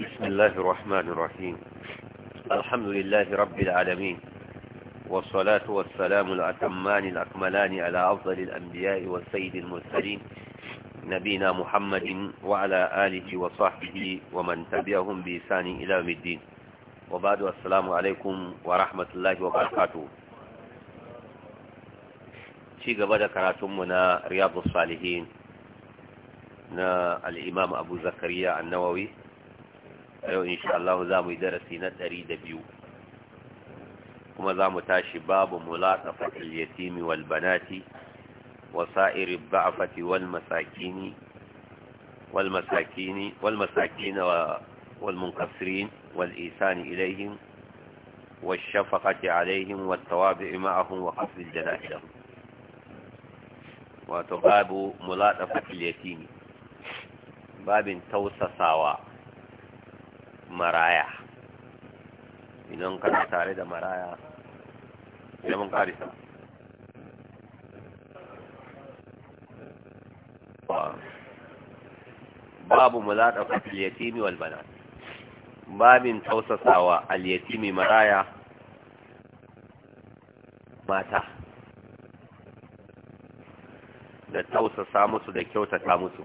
بسم الله الرحمن الرحيم الحمد لله رب العالمين والصلاة والسلام الأتمان الأكملان على أفضل الأنبياء والسيد المرسلين نبينا محمد وعلى آله وصحبه ومن تبعهم بإسان إلى يوم الدين وبعد السلام عليكم ورحمة الله وبركاته شيء قبل كراتمنا رياض الصالحين نا الإمام أبو زكريا النووي ايو ان شاء الله زامو درسي نت اريد بيو كما ذا تاشي باب ملاطفه اليتيم والبنات وصائر الضعفة والمساكين والمساكين والمساكين والمنكسرين والإيسان إليهم والشفقة عليهم والتوابع معهم وخفض الجناح لهم ملاطفة اليتيم باب توسى maraya idan kana tare da maraya idan mun karisa babu mu za ɗauka yatimi wal banat babin tausasawa al-yatimi maraya mata da tausasa musu da kyautata musu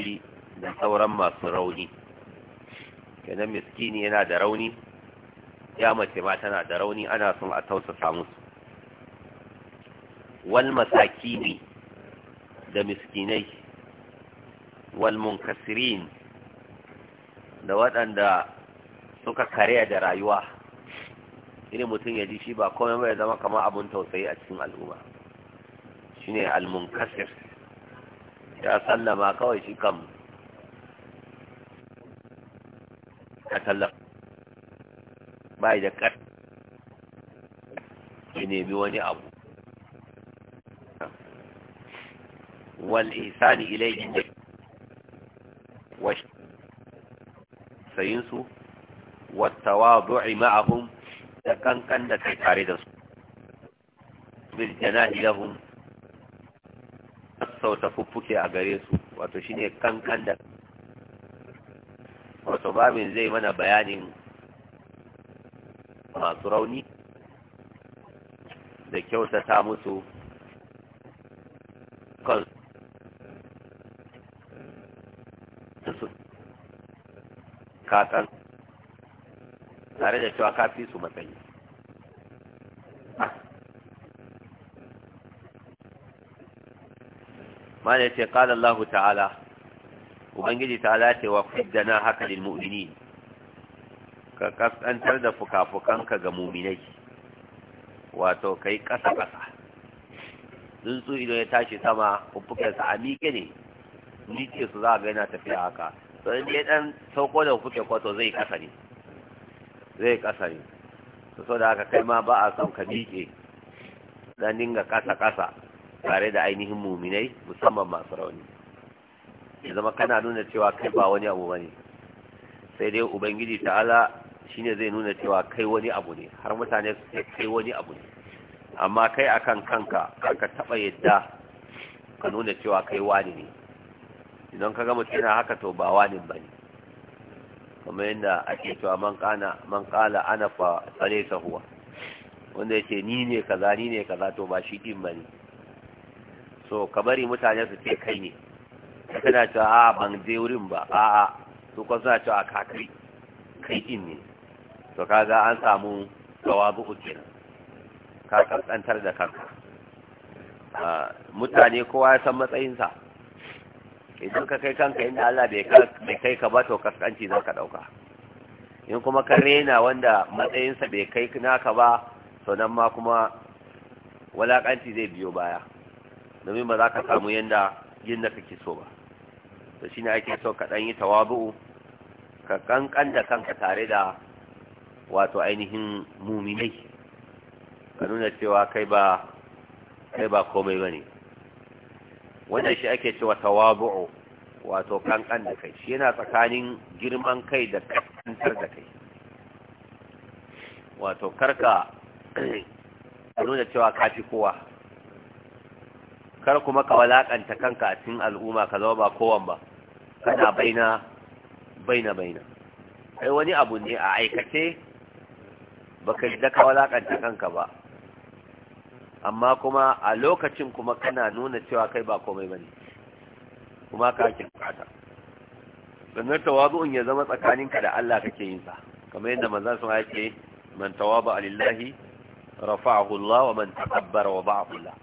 asli da sauran masu rauni kenan miskini yana da rauni ya mace ma tana da rauni ana son a tausasa musu wal masakini da miskinai wal munkasirin da waɗanda suka kariya da rayuwa irin mutum ya ji shi ba komai ya zama kamar abun tausayi a cikin al'umma shine al munkasir ya sallama kawai shi kan ya sallama bai da ƙar ya nemi wani abu wal ihsani ilayhi wa sayinsu wa tawadu'i ma'ahun da kankan da kai tare da su bil janahi lahum sassauta fuffuke a gare su wato shine kankan da wato babin zai mana bayanin masu rauni da kyautata musu su kakan tare da cewa kafi su matsayi mana yace qala Allah ta'ala ubangiji ta'ala ce wa fiddana haka lil mu'minin ka kaskantar da fukafukanka ga mu'minai wato kai kasa kasa su ido ya tashi sama fukafukan a miƙe ne Ni ce su za ga yana tafiya haka to in dai dan sauko da fuke kwato zai kasa ne zai kasa ne to saboda haka kai ma ba a son ka miƙe dan dinga kasa kasa tare da ainihin muminai musamman masu rauni ya zama kana nuna cewa kai ba wani abu bane sai dai ubangiji ta'ala shine zai nuna cewa kai wani abu ne har mutane su kai wani abu ne amma kai akan kanka kanka taba yadda ka nuna cewa kai wani ne idan ka ga mutum haka to ba wani bane kamar yadda ake cewa man kana man qala ana fa salaysa sahuwa wanda yace ni ne kaza ni ne kaza to ba shi din bane so ka bari mutane su ce kai ne suna cewa a ban je wurin ba a a su kuma suna cewa ka kai kai ne to kaga an samu tawabu kenan ka kaskantar da kanka mutane kowa ya san matsayinsa idan ka kai kanka inda Allah bai kai ka ba to kaskanci za ka ɗauka in kuma ka rena wanda matsayinsa bai kai naka ba sau nan ma kuma walaƙanci zai biyo baya domin ba za ka samu yin na kake so ba shi ne ake so ka ɗan yi tawabu'u, ka ƙanƙan da kanka tare da wato ainihin muminai ka nuna cewa kai ba kai ba komai bane wannan shi ake cewa tawabu'u wato ƙanƙan da kai shi yana tsakanin girman kai da kankantar da kai wato karka nuna cewa kafi kowa kar kuma ka walakanta kanka a cikin al'umma ka zama ba kowan ba kana baina baina baina kai wani abu ne a aikace baka da ka walakanta kanka ba amma kuma a lokacin kuma kana nuna cewa kai ba komai bane kuma ka ake bukata sannan Tawadu'un ya zama tsakaninka da Allah kake yin sa kamar yadda manzon sun yake man tawaba lillahi rafa'ahu Allah wa man takabbara wa ba'ahu Allah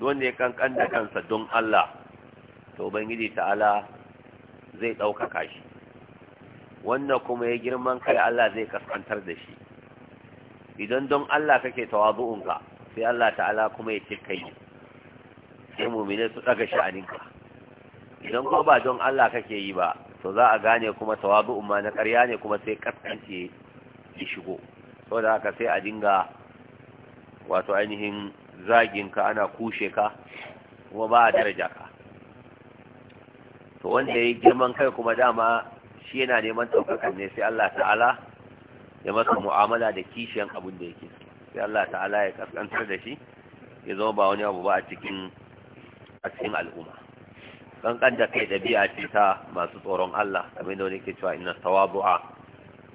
don ne kankan da kansa don Allah to bangiji ta'ala zai ɗaukaka shi wanda kuma ya girman kai Allah zai kaskantar da shi idan don Allah kake tawazu'unka sai Allah ta'ala kuma ya ce kai sai mumine su daga sha'aninka idan kuma ba don Allah kake yi ba to za a gane kuma tawazu'un ma na ƙarya ne kuma sai kaskanci ya shigo saboda haka sai a dinga wato ainihin zaginka ana kushe ka kuma ba a daraja ka to wanda ya yi girman kai kuma dama shi yana neman ɗaukakan ne sai Allah ta'ala ya masa mu'amala da kishiyan abin da yake sai Allah ta'ala ya kaskantar da shi ya zama ba wani abu ba a cikin al'umma kankan da kai ɗabi'a ce ta masu tsoron Allah kamar da wani ke cewa inna tawabu'a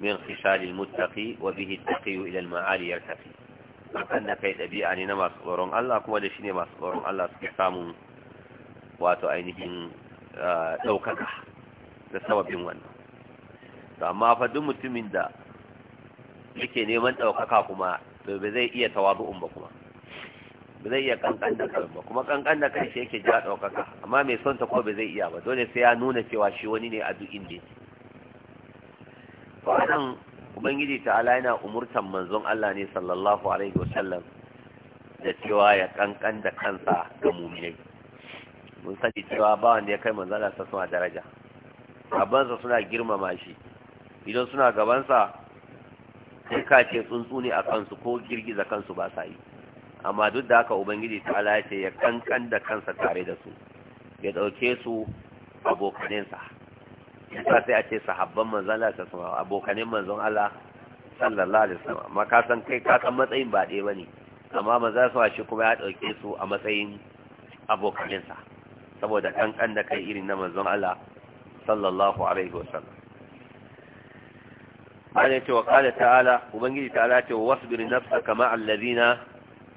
min khishalil muttaqi wa bihi taqiyu ila al-ma'ali yartafi da kai ɗabi'a ne na masu tsoron Allah kuma da shi ne masu tsoron Allah suke samun wato ainihin ah, ɗaukaka da sababin wannan amma fa duk mutumin da yake neman ɗaukaka kuma to ba zai iya tawazu'un ba kuma ba zai iya kankan da kai ba kuma kankan da kai shi yake ja ɗaukaka amma mai son ta ko ba zai iya ba dole sai ya nuna cewa shi wani ne a duk inda yake to ubangiji ta'ala yana umurtan manzon Allah ne sallallahu alaihi wasallam da cewa ya kankan da kansa ga mu'minai mun sani cewa ba wanda ya kai manzon Allah suna daraja abansa suna girmama shi idan suna gabansa sai ka ce tsuntsu ne a kansu ko girgiza kansu ba sa yi amma duk da haka ubangiji ta'ala ya ce ya kankan da kansa tare da su ya dauke su abokaninsa yasa sai a ce sahabban manzon Allah ta sama abokanin manzon Allah sallallahu alaihi wasallam amma ka san kai ka san matsayin ba ɗaya bane amma manzon sa shi kuma ya dauke su a matsayin abokanin sa saboda kankan da kai irin na manzon Allah sallallahu alaihi wasallam ana ce wa kala ta'ala ubangiji ta'ala ce wa wasbir nafsaka ma'a alladhina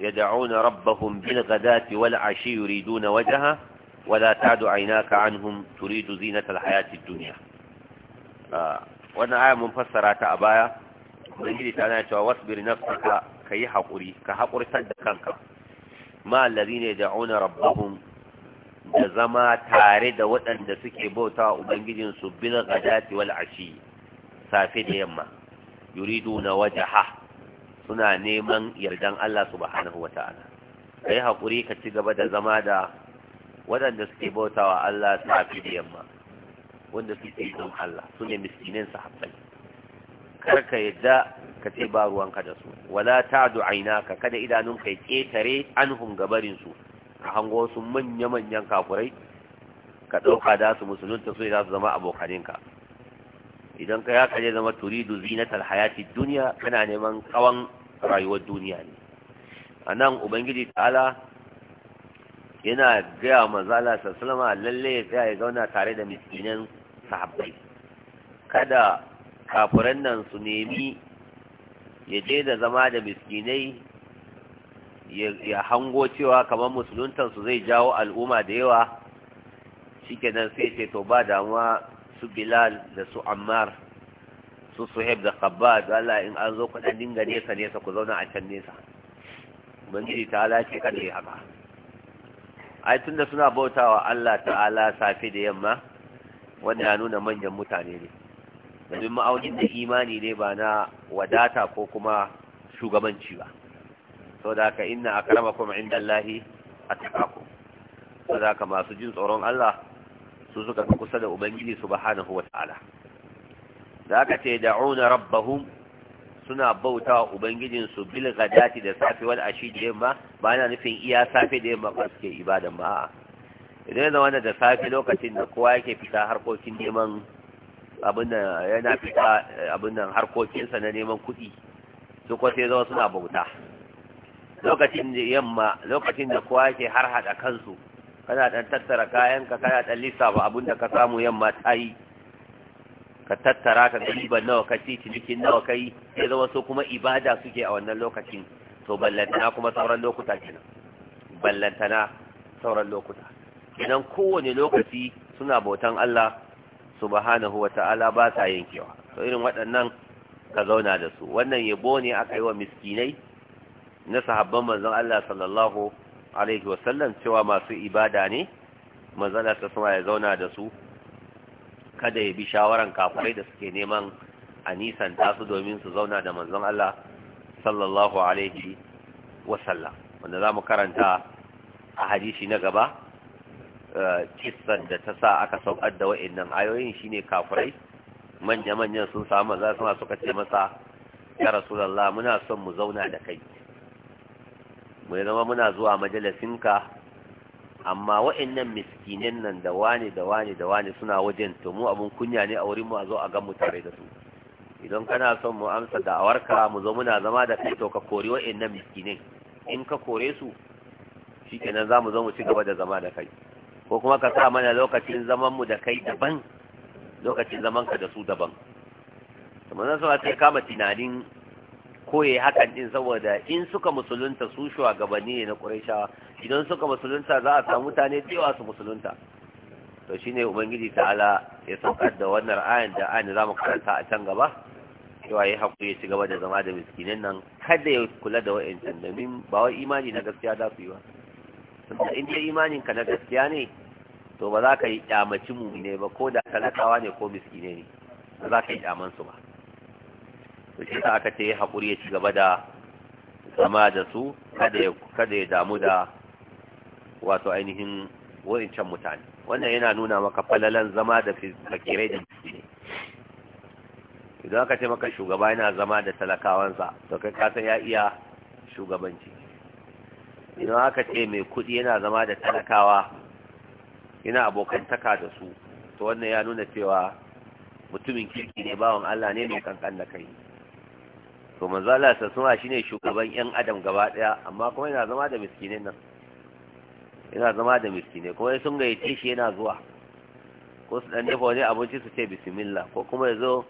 yad'una rabbahum bil ghadati wal ashi yuriduna wajha ولا تعد عيناك عنهم تريد زينة الحياة الدنيا وانا آية منفسرة أبايا ubangiji ta na cewa wasbir nafsaka ka yi haƙuri ka haƙurtar da kanka ma allazi ne da auna rabbahum da zama tare da waɗanda suke bauta ubangijin su bil ghadati wal ashi safe da yamma na yuriduna ha! suna neman yardan Allah subhanahu Ka yi haƙuri ka ci gaba da zama da waɗanda suke bautawa Allah fi da yamma wanda suke don Allah su ne miskinin sahabbai kar ka yadda ka ce ba ruwanka da su wala ta ta'du ka kada idanunka ya ƙetare anhum gabarin su ka hango su manya manyan kafurai ka ɗauka da su musulunta su za su zama abokaninka idan ka ya kaje zama turidu zinatal hayati dunya kana neman kawan rayuwar duniya ne anan ubangiji ta'ala yana gaya manzala sassalama lalle ya tsaya ya zauna tare da miskinan sahabbai kada kafiran nan su nemi ya je da zama da miskinai ya hango cewa kamar su zai jawo al'umma da yawa shikenan sai ce to ba damuwa su bilal da su ammar su suhaib da kabba Allah in an zo kudin dinga nesa nesa ku zauna a can nesa ubangiji ta halace kada ya haka ai tunda suna bautawa Allah ta'ala safe da yamma wanda ya nuna manyan mutane ne domin ma'aunin da imani ne ba na wadata ko kuma shugabanci ba So da haka inna a karama kuma inda Allahi a takaku so da ka masu jin tsoron Allah su suka fi kusa da Ubangiji su hana wa ta'ala da aka ce da'una rabbahum suna bauta wa ubangijinsu bil gadati da safe wal ashi da yamma ba yana nufin iya safe da yamma ba suke ibadan ba idan wanda da safe lokacin da kowa yake fita harkokin neman abin da yana fita eh, abin nan harkokinsa na neman kuɗi su kuwa sai zama suna bauta lokacin da yamma lokacin da kowa yake har hada kansu kana ɗan tattara kayanka kana ɗan lissafa abin da ka samu yamma ta yi ka tattara ka gani ba nawa ka ci cinikin nawa ka yi sai zama so kuma ibada suke a wannan lokacin to ballantana kuma sauran lokuta kenan ballantana sauran lokuta idan kowane lokaci suna bautan Allah subhanahu wa ta'ala ba ta yankewa to irin waɗannan ka zauna da su wannan yabo ne aka yi wa miskinai na sahabban manzon Allah sallallahu alaihi wasallam cewa masu ibada ne manzon Allah ya zauna da su kada ya bi shawaran kafirai da suke neman a nisan tasu domin su zauna da manzon Allah sallallahu alaihi wasallam wanda za karanta a hadisi na gaba eh, kissan da ta sa aka saukar da wa'annan ayoyin shine kafirai manya-manyan sun samu maza suna suka ce masa ya rasulallah muna son mu zauna da kai mu zama muna zuwa majalisinka amma wa'annan miskinan nan da wani da wani da wani suna wajen to mu abun kunya ne a wurin mu a zo a gan mu tare da su idan kana son mu amsa da awarka mu zo muna zama da kai to ka kori wa'annan miskinai in ka kore su shikenan za mu zo mu ci gaba da zama da kai ko kuma ka sa mana lokacin zaman mu da kai daban lokacin zaman ka da su daban kamar nan sai kama tunanin ko ya yi hakan din saboda in suka musulunta su shuwa ne na ƙur'ashawa, idan suka musulunta za a samu mutane da yawa su musulunta to shine ubangiji ta'ala ya saukar da wannan ayan da ayan za mu karanta a can gaba cewa ya haƙuri ya ci gaba da zama da miskinin nan kada ya kula da wa'incan domin ba wai imani na gaskiya za su yi ba in dai imanin ka na gaskiya ne to ba za ka yi kyamaci ne ba ko da talakawa ne ko miskine ne ba za ka yi kyaman su ba to shi aka ce ya haƙuri ya ci gaba da zama da su kada ya damu da wato ainihin wurin can mutane wannan yana nuna maka falalan zama da fakirai da ne idan aka ce maka shugaba yana zama da talakawansa to kai kasa ya iya shugabanci idan aka ce mai kudi yana zama da talakawa yana abokantaka da su to wannan ya nuna cewa mutumin kirki ne bawan Allah ne mai kankan da kai to manzo Allah sassuma shine shugaban yan adam gaba daya amma kuma yana zama da miskine nan yana zama da miskine ko sun gayyace shi yana zuwa ko su dan dafa wani abinci su ce bismillah ko kuma ya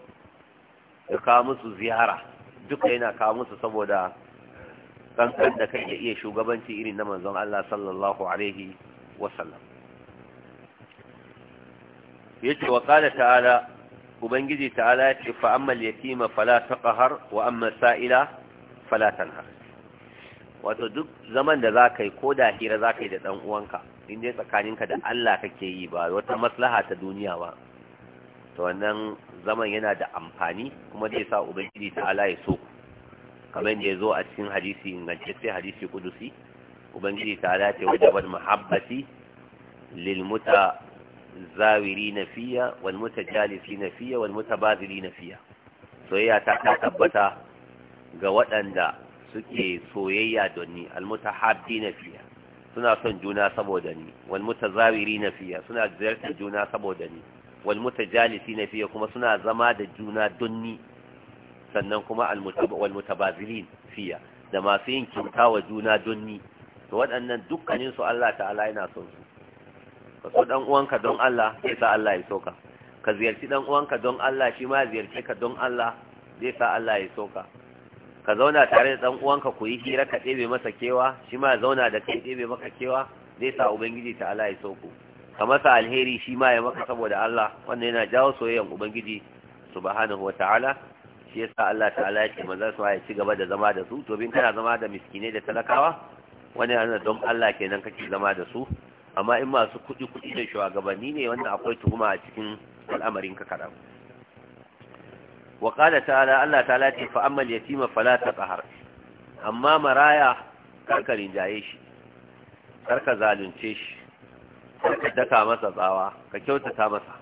ya kawo musu ziyara duka yana kawo musu saboda kankan da kai iya shugabanci irin na manzon Allah sallallahu alaihi wasallam yace wa qala ta'ala ubangiji ta'ala ya ce fa yatima fala ƙahar wa amma sa'ila fala nahar wato duk zaman da za ka yi ko da hira ka yi da ɗan'uwanka, uwanka in dai tsakaninka da Allah kake yi ba wata maslaha ta duniya ba to wannan zaman yana da amfani kuma zai sa ubangiji ta'ala ya so kamar da ya zo a cikin hadisi sai hadisi kudusi ubangiji ta'ala ce wajabar mahabbati lil muta zawirina fiya wal mutajalisina fiya wal mutabadilina fiya soyayya ta ta tabbata ga waɗanda suke soyayya don ni al mutahabbina fiya suna son juna saboda ni wal mutazawirina fiya suna ziyartar juna saboda ni wal mutajalisina fiya kuma suna zama da juna don ni sannan kuma al mutabazilin fiya da masu yin kyauta wa juna don ni to waɗannan dukkaninsu Allah ta'ala yana son su ka so dan uwanka don Allah sai sa Allah ya soka ka ziyarci dan uwanka don Allah shi ma ziyarce ka don Allah zai sa Allah ya soka ka zauna tare da dan uwanka ku yi hira ka ɗebe masa kewa shi ma zauna da kai ɗebe maka kewa zai sa ubangiji ta Allah ya soku ka masa alheri shi ma ya maka saboda Allah wannan yana jawo soyayyan ubangiji subhanahu wataala shi yasa Allah ta'ala ya ce manzon sa ya ci gaba da zama da su to bin kana zama da miskinai da talakawa wani ana don Allah kenan kake zama da su amma in masu kuɗi kuɗi da shugabanni ne wannan akwai tuhuma a cikin al'amarin ka karam wa qala ta'ala Allah ta'ala ce fa ammal yatima fala taqhar amma maraya karkarin jaye shi karka zalunce shi karka daka masa tsawa ka kyautata masa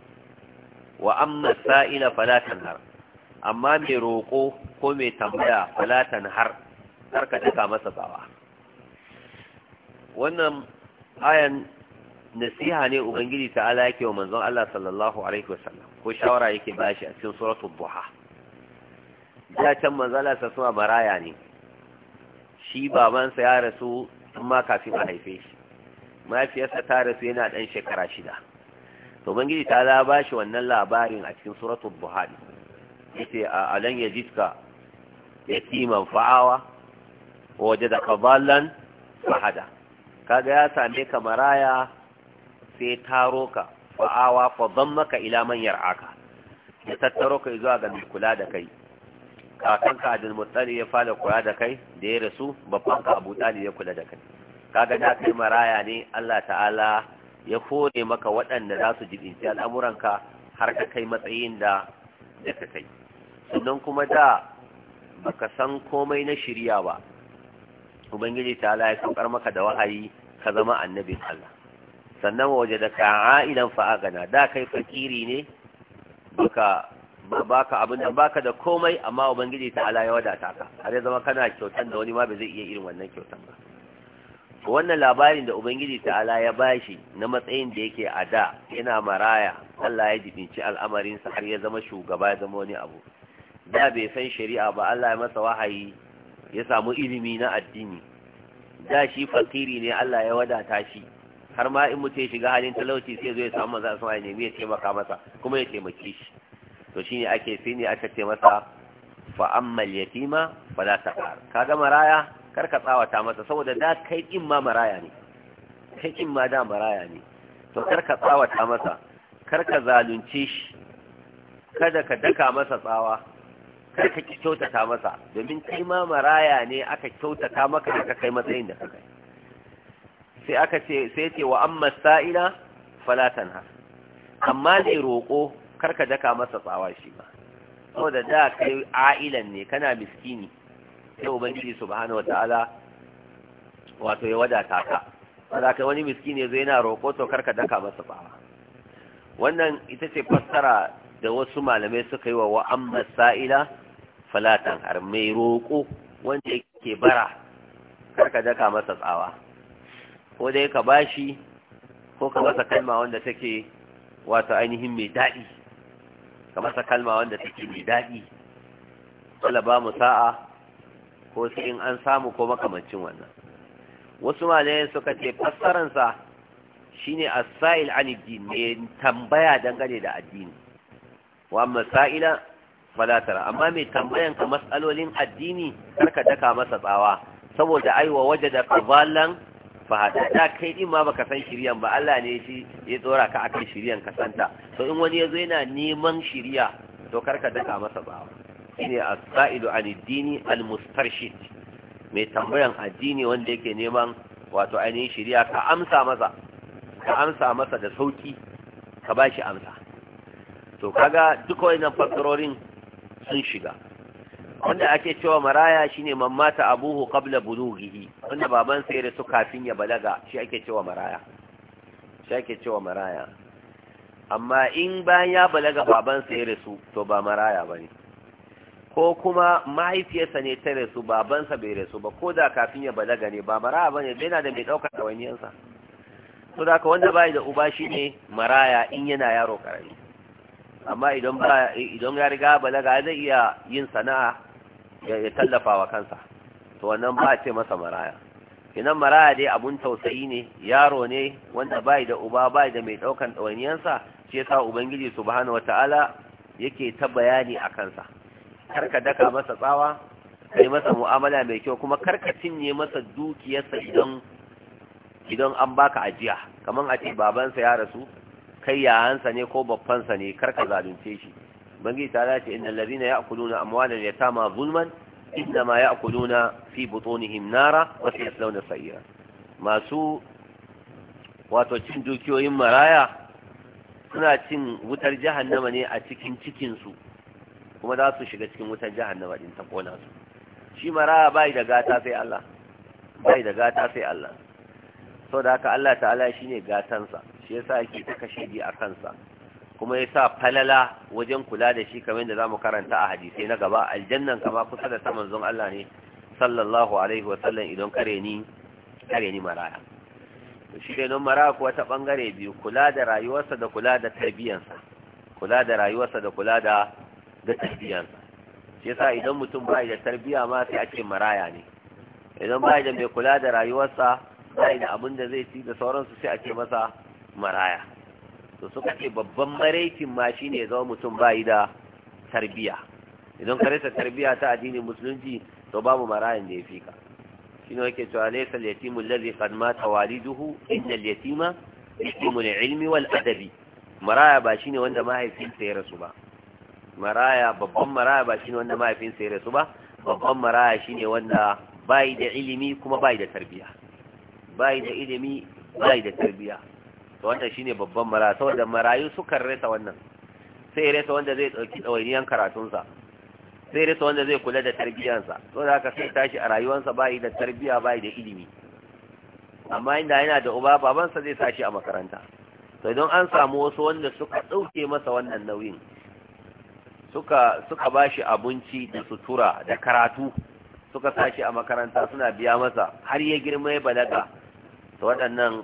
wa amma sa'ila fala tanhar amma mai roƙo ko mai tambaya fala tanhar karka daka masa tsawa wannan ayan nasiha ne ubangiji ta'ala yake wa manzon Allah sallallahu alaihi wasallam ko shawara yake bashi a cikin suratu duha da can manzala sa suna maraya ne shi babansa ya rasu amma kafin a haife shi mahaifiyarsa ta rasu yana dan shekara shida to ubangiji ta'ala bashi wannan labarin a cikin suratul duha yace alan yajidka yatiman fa'awa wajadaka dhallan fahada kaga ya same ka maraya sai taro ka fa'awa fa maka ila manyan aka, ya tattaro ka zuwa ga mai kula da kai kakanka Abdul Muttalib ya fada kula da kai da ya rasu babban ka Abu Talib ya kula da kai kaga na kai maraya ne Allah ta'ala ya kore maka waɗanda za su jibinci al'amuranka har ka kai matsayin da ya ka kai sannan kuma da baka san komai na shirya ba ubangiji ta'ala ya saukar maka da wahayi ka zama annabin Allah sannan waje da fa'a fa'agana da kai fakiri ne baka abin da baka da komai amma ubangiji ta ala ya wadata ka har zama kana kyautan da wani ma ba zai iya irin wannan kyautan ba wannan labarin da ubangiji ta ala ya bashi na matsayin da yake a da yana maraya Allah ya jibinci al'amarinsa har ya zama shugaba ya zama wani abu da bai san shari'a ba Allah ya masa wahayi ya samu ilimi na addini da shi fakiri ne Allah ya wadata shi har ma in mutum ya shiga halin talauci sai zai ya samu manzo sama ne nemi ya taimaka masa kuma ya taimake shi to shine ake sai ne aka ce masa fa ammal yatima fala taqar kaga maraya kar ka tsawata masa saboda da kai kin ma maraya ne kai kin ma da maraya ne to kar ka tsawata masa kar ka zalunce shi kada ka daka masa tsawa kar ka kyautata masa domin kai ma maraya ne aka kyautata maka da ka kai matsayin da ka kai sai aka ce sai ce wa amma sa'ila falatan ha amma zai roko karka daka masa tsawa shi ba so da da kai ailan ne kana miskini sai ubangiji subhanahu wataala wato ya wadata ka saboda kai wani miskini zai yana roko to karka daka masa tsawa wannan ita ce fassara da wasu malamai suka yi wa wa amma sa'ila falatan har mai roko wanda yake bara karka daka masa tsawa ko dai ka bashi ko ka masa kalma wanda take wato ainihin mai daɗi ka masa kalma wanda take mai daɗi kala ba mu sa'a ko sai in an samu ko makamancin wannan wasu malayen suka ce fassaransa shine as-sa'il an din ne tambaya dangane da addini wa masaila fala tara amma mai tambayan ka masalolin addini karka daka masa tsawa saboda aiwa wajada qadalan fahada da kai din ma baka san shiriyan ba Allah ne shi ya tsora ka akan shiriyan ka santa to in wani ya zo yana neman shiriya to karka daka masa ba shine as-sa'idu al dini al-mustarshid mai tambayan addini wanda yake neman wato ainihin shiriya ka amsa masa ka amsa masa da sauki ka bashi amsa to kaga duk wayannan fakkarorin sun shiga wanda ake cewa maraya shine man abuhu qabla bulughihi wanda baban sa ya rasu kafin ya balaga shi ake cewa maraya shi ake cewa maraya amma in bayan ya balaga baban sa ya rasu to ba maraya bane ko kuma mahaifiyarsa ne ta rasu babansa bai rasu ba ko da kafin ya balaga ne ba maraya bane bai na da mai daukar dawainiyansa to da ka wanda bai da uba shine maraya in yana yaro karami amma idan ba idan ya riga balaga zai iya yin sana'a ya tallafa wa kansa to wannan ba ce masa maraya kinan maraya dai abun tausayi ne yaro ne wanda bai da uba bai da mai daukan dawaniyansa shi yasa ubangiji subhanahu wataala yake ta bayani a kansa karka daka masa tsawa kai masa mu'amala mai kyau kuma karka cinye masa dukiyarsa idan idan an baka ajiya kaman a ce babansa ya rasu kai yayansa ne ko babbansa ne karka zalunce shi bangi ta dace inna allazina ya'kuluna amwalan yatama zulman innama ya'kuluna fi butunihim nara wa sayaslawna sa'ira masu wato cin dukiyoyin maraya suna cin wutar jahannama ne a cikin cikin su kuma za su shiga cikin wutar jahannama din ta kona su shi maraya bai da gata sai Allah bai da gata sai Allah saboda haka Allah ta'ala shine gatansa shi yasa yake ta kashe a kansa kuma ya sa falala wajen kula da shi kamar da za mu karanta a hadisai na gaba aljannan kama kusa da saman zon Allah ne sallallahu alaihi wasallam idan kare ni maraya shi ne don maraya kuwa ta bangare biyu kula da rayuwarsa da kula da tarbiyyansa kula da rayuwarsa da kula da da tarbiyyansa shi yasa idan mutum bai da tarbiyya ma sai a ce maraya ne idan bai da mai kula da rayuwarsa bai da abin da zai ci da sauransu sai a ce masa maraya to suka ce babban maraikin ma shi ne zama mutum bayi da tarbiya idan ka rasa tarbiya ta addinin musulunci to babu marayan da ya fi ka shine yake cewa laysa al-yatimu alladhi qad mata waliduhu inna al-yatima yatimu ne ilmi wal adabi maraya ba shi ne wanda mahaifinsa ya rasu ba maraya babban maraya ba shi ne wanda mahaifinsa ya rasu ba babban maraya shi ne wanda yi da ilimi kuma bai da tarbiya da ilimi da tarbiya to wannan shine babban mara saboda marayu sukan rasa wannan sai rasa wanda zai dauki dawainiyan karatunsa sai rasa wanda zai kula da tarbiyansa to da haka sai tashi a rayuwarsa bai da tarbiya bai da ilimi amma inda yana da uba babansa zai tashi a makaranta to idan an samu wasu wanda suka dauke masa wannan nauyin suka suka bashi abinci da sutura da karatu suka tashi a makaranta suna biya masa har ya girma ya balaga to waɗannan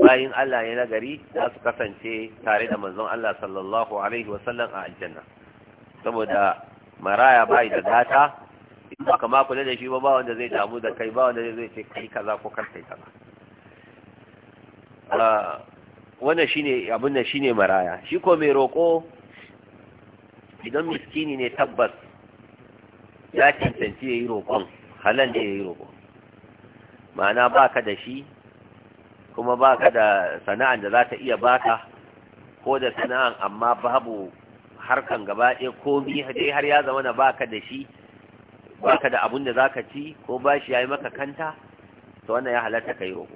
bayin Allah ya nagari za su kasance tare da manzon Allah sallallahu alaihi wasallam a aljanna saboda maraya bai da gata in ba kama kula da shi ba ba wanda zai damu da kai ba wanda zai ce kai kaza ko kar kai kaza ah, wannan shine abin nan shine maraya shi ko mai roko idan miskini ne tabbas ya cancanci ya yi roƙon halal ne ya yi roƙon ma'ana ba ka da shi kuma baka da sana'an da za ta iya baka ko da sana'an amma babu harkan gaba ɗaya komi dai har ya zama na baka da shi baka da abun da za ka ci ko ba ya yi maka kanta to wannan ya halatta ka yi roƙo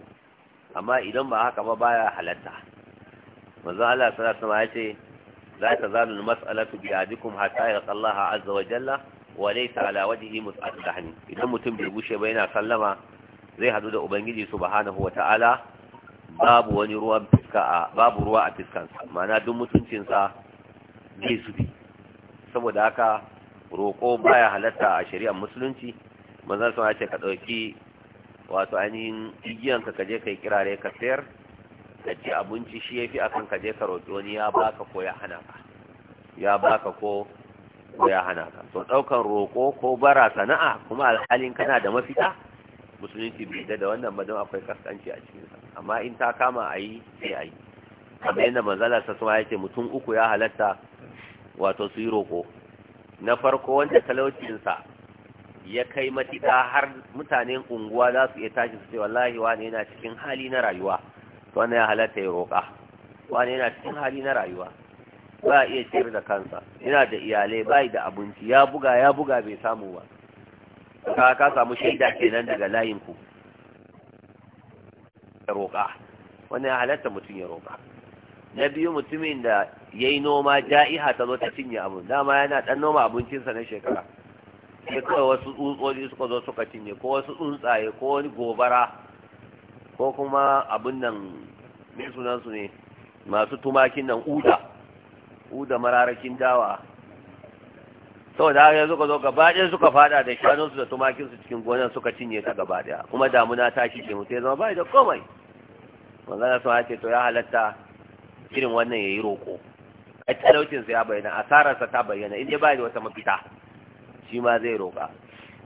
amma idan ba haka ba baya halatta manzo Allah sallallahu alaihi wasallam ya ce za tazalu al-mas'alatu bi ahadikum hatta yalqa Allah azza wa jalla wa laysa ala wajhihi mus'atun idan mutum bai gushe ba yana sallama zai hadu da ubangiji subhanahu wa ta'ala babu wani ruwan fiska a babu ruwa a fiskansa mana duk mutuncinsa zai zubi. saboda haka roƙo baya halatta a shari'ar musulunci manzon sun ce ka ɗauki wato ainihin igiyan ka kaje kai kirare ka sayar da ci abinci shi yafi akan ka ka roƙi wani ya baka ko ya hana ka ya baka ko ko ya hana ka to ɗaukan roƙo ko bara sana'a kuma alhalin kana da mafita musulunci bai da wannan ba akwai kaskanci a cikinsa amma in ta kama a yi sai a yi kamar yadda manzala sa suma ya ce mutum uku ya halatta wato su yi roƙo na farko wanda talaucinsa ya kai matiɗa har mutanen unguwa za su iya tashi su ce wallahi wane yana cikin hali na rayuwa to wannan ya halatta ya roƙa wane yana cikin hali na rayuwa ba a iya ciyar da kansa yana da iyalai ba da abinci ya buga ya buga bai samu ba ka ka samu shaida kenan daga layinku ya roƙa wannan halatta mutum ya roƙa na biyu mutumin da ya yi noma ja'iha ta zo ta cinye abu dama yana ɗan noma abincinsa na shekara sai kawai wasu tsutsoli suka zo suka cinye ko wasu tsuntsaye ko wani gobara ko kuma abin nan mai sunansu ne masu tumakin nan uda uda mararakin dawa saboda haka suka zo gaba ɗaya suka fada da shanunsu da tumakinsu cikin gonar suka cinye ta gaba ɗaya kuma damuna ta shi ke mutu ya zama bai da komai manzana sun hace to ya halatta irin wannan ya yi roƙo a talaucinsa ya bayyana asararsa ta bayyana inda ba da wata mafita shi ma zai roƙa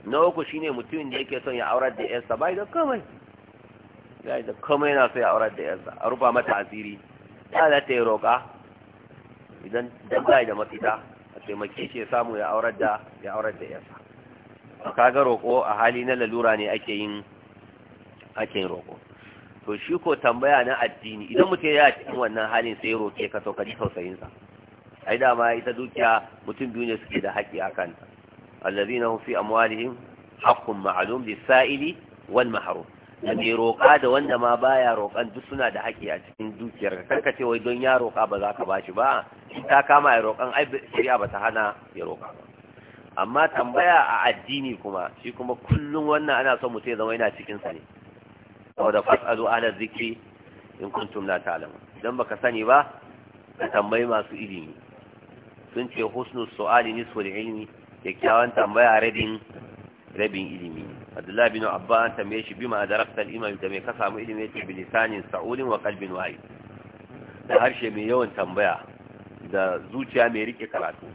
na uku shi ne mutumin da yake son ya aurar da yarsa bai da komai ya da komai yana so ya aurar da yarsa a rufa mata asiri ya halatta ya roƙa idan dan bai da mafita taimake shi ya samu ya aurar da ya aurar da yasa kaga roƙo a hali na lalura ne ake yin ake yin roƙo to shi ko tambaya na addini idan mutum ya cikin wannan halin sai roƙe ka to ji tausayin sa ai dama ita dukiya mutum biyu ne suke da haƙƙi a kanta allazina hum fi amwalihim haqqun ma'lum lis-sa'ili wal mahrum mai roƙa da wanda ma baya roƙan duk suna da haƙi a cikin dukiyar ka karka ce wai don ya roƙa ba za ka bashi ba in ta kama ya roƙan ai shari'a ba ta hana ya roƙa ba amma tambaya a addini kuma shi kuma kullum wannan ana son mutum ya zama yana cikin sa ne saboda fasalu ala zikri in kuntum la ta'lamu idan baka sani ba ka tambayi masu ilimi sun ce husnul su'ali nisful ilmi kyakkyawan tambaya rabin rabin ilimi abdullahi bin abba an tambaye shi bima adarakta al-imam da me ka samu ilimi yake bi lisanin sa'ulin wa qalbin wa'id da harshe mai yawan tambaya da zuciya mai rike karatu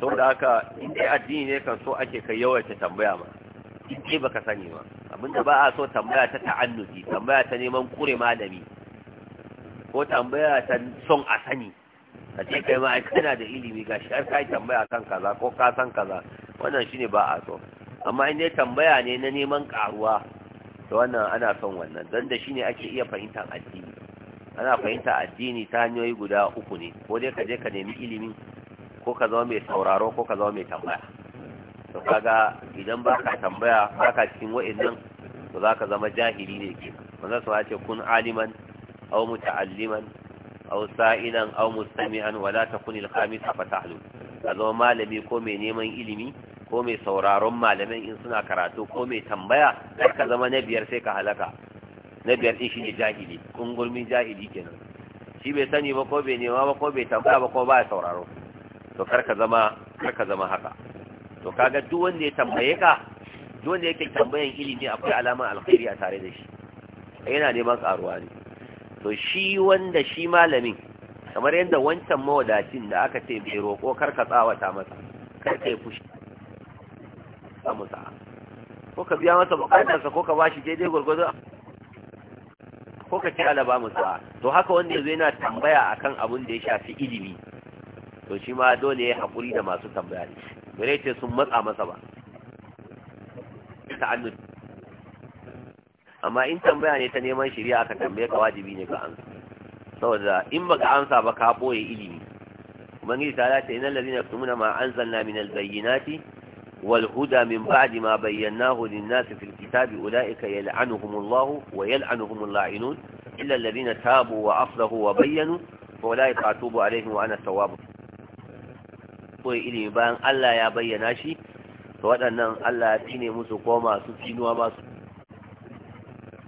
saboda haka in dai addini ne kan so ake kai yawaita tambaya ma in dai baka sani ma abinda ba a so tambaya ta ta'annuti tambaya ta neman kure malami ko tambaya ta son a sani a ce kai ma kana da ilimi gashi har kai tambaya kan kaza ko ka san kaza wannan shine ba a so amma in dai tambaya ne na neman karuwa to wannan ana son wannan don da shine ake iya fahimtar addini ana fahimta addini ta hanyoyi guda uku ne ko dai ka je ka nemi ilimi ko ka zama mai sauraro ko ka zama mai tambaya to kaga idan ba ka tambaya ba ka cikin wa'annan to za ka zama jahili ne ke wanda su ce kun aliman aw muta'alliman aw sa'ilan aw mustami'an wala takun al fa ka zama malami ko mai neman ilimi ko mai sauraron malamin in suna karatu ko mai tambaya kar ka zama na biyar sai ka halaka na biyar din shine jahili kungurmin jahili kenan shi bai sani ba ko bai nema ba ko bai tambaya ba ko ba sauraro to kar ka zama kar ka zama haka to kaga duk wanda ya tambaye ka duk wanda yake tambayan ilimi akwai alaman alkhairi a tare da shi yana neman karuwa ne to shi wanda shi malamin kamar yadda wancan mawadacin da aka ce bai roƙo kar ka tsawata masa kar ka yi fushi ka musa ko ka biya masa bukatarsa ko ka bashi daidai gwargwado ko ka da alaba musa to haka wanda yanzu yana tambaya akan abin da ya shafi ilimi to shi ma dole ya haƙuri da masu tambaya ne bare ce sun matsa masa ba amma in tambaya ne ta neman shirya ka tambaye ka wajibi ne ka amsa saboda in baka amsa ba ka ɓoye ilimi ubangiji ta lati innal ladina yaktumuna ma anzalna minal bayyinati والهدى من بعد ما بيناه للناس في الكتاب أولئك يلعنهم الله ويلعنهم اللاعنون إلا الذين تابوا وأصلحوا وبينوا فأولئك أتوب عليهم وأنا التواب kawai ilimin bayan Allah ya bayyana shi to waɗannan Allah ya tsine musu ko masu tsinuwa ba su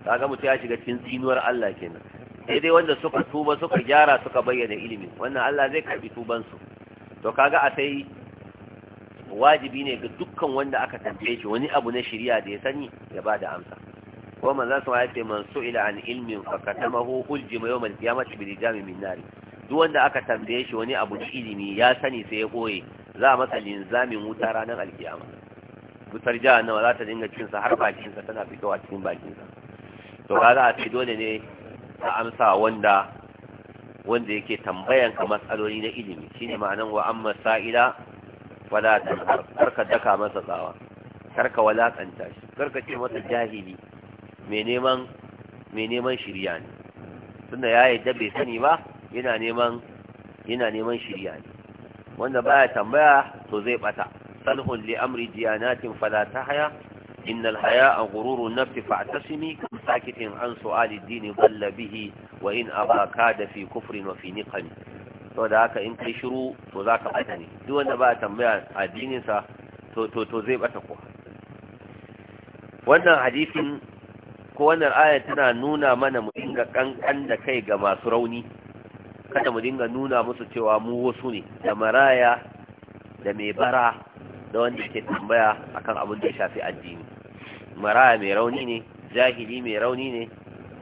kaga mutum ya shiga cikin tsinuwar Allah kenan sai dai wanda suka tuba suka gyara suka bayyana ilimi. wannan Allah zai karbi tuban su to kaga a sai wajibi ne ga dukkan wanda aka tambaye shi wani abu na shari'a da ya sani ya ba da amsa ko manzon sa ya ce man su'ila an ilmin fakatamahu uljima yawm al-qiyamati bil jami min nar duk wanda aka tambaye shi wani abu na ilimi ya sani sai ya koye za a masa linzamin wuta ranar alkiyama wutar jahannama za ta dinga cin sa har bakin sa tana fitowa cikin bakin sa to za a ce dole ne a amsa wanda wanda yake tambayan ka matsaloli na ilimi shine ma'anan wa amma sa'ila wala karka daka masa tsawa karka walakanta shi karka ce masa jahili mai neman mai neman shirya ne tunda ya yi bai sani ba yana neman yana neman shirya ne wanda baya tambaya to zai bata salhun li amri diyanatin fala tahya innal haya'a ghururun nafsi fa'tasimi sakitin an su'ali dini dhalla bihi wa in abaka da fi kufrin wa fi saboda haka in kai shiru to za ka bata ne duk wanda ba a tambaya addininsa to zai bata ko wannan hadisin ko wannan ayar tana nuna mana mu dinga kankan da kai ga masu rauni kada mu dinga nuna musu cewa mu wasu ne da maraya da mai bara da wanda ke tambaya akan abin da ya shafi addini maraya mai rauni ne jahili mai rauni ne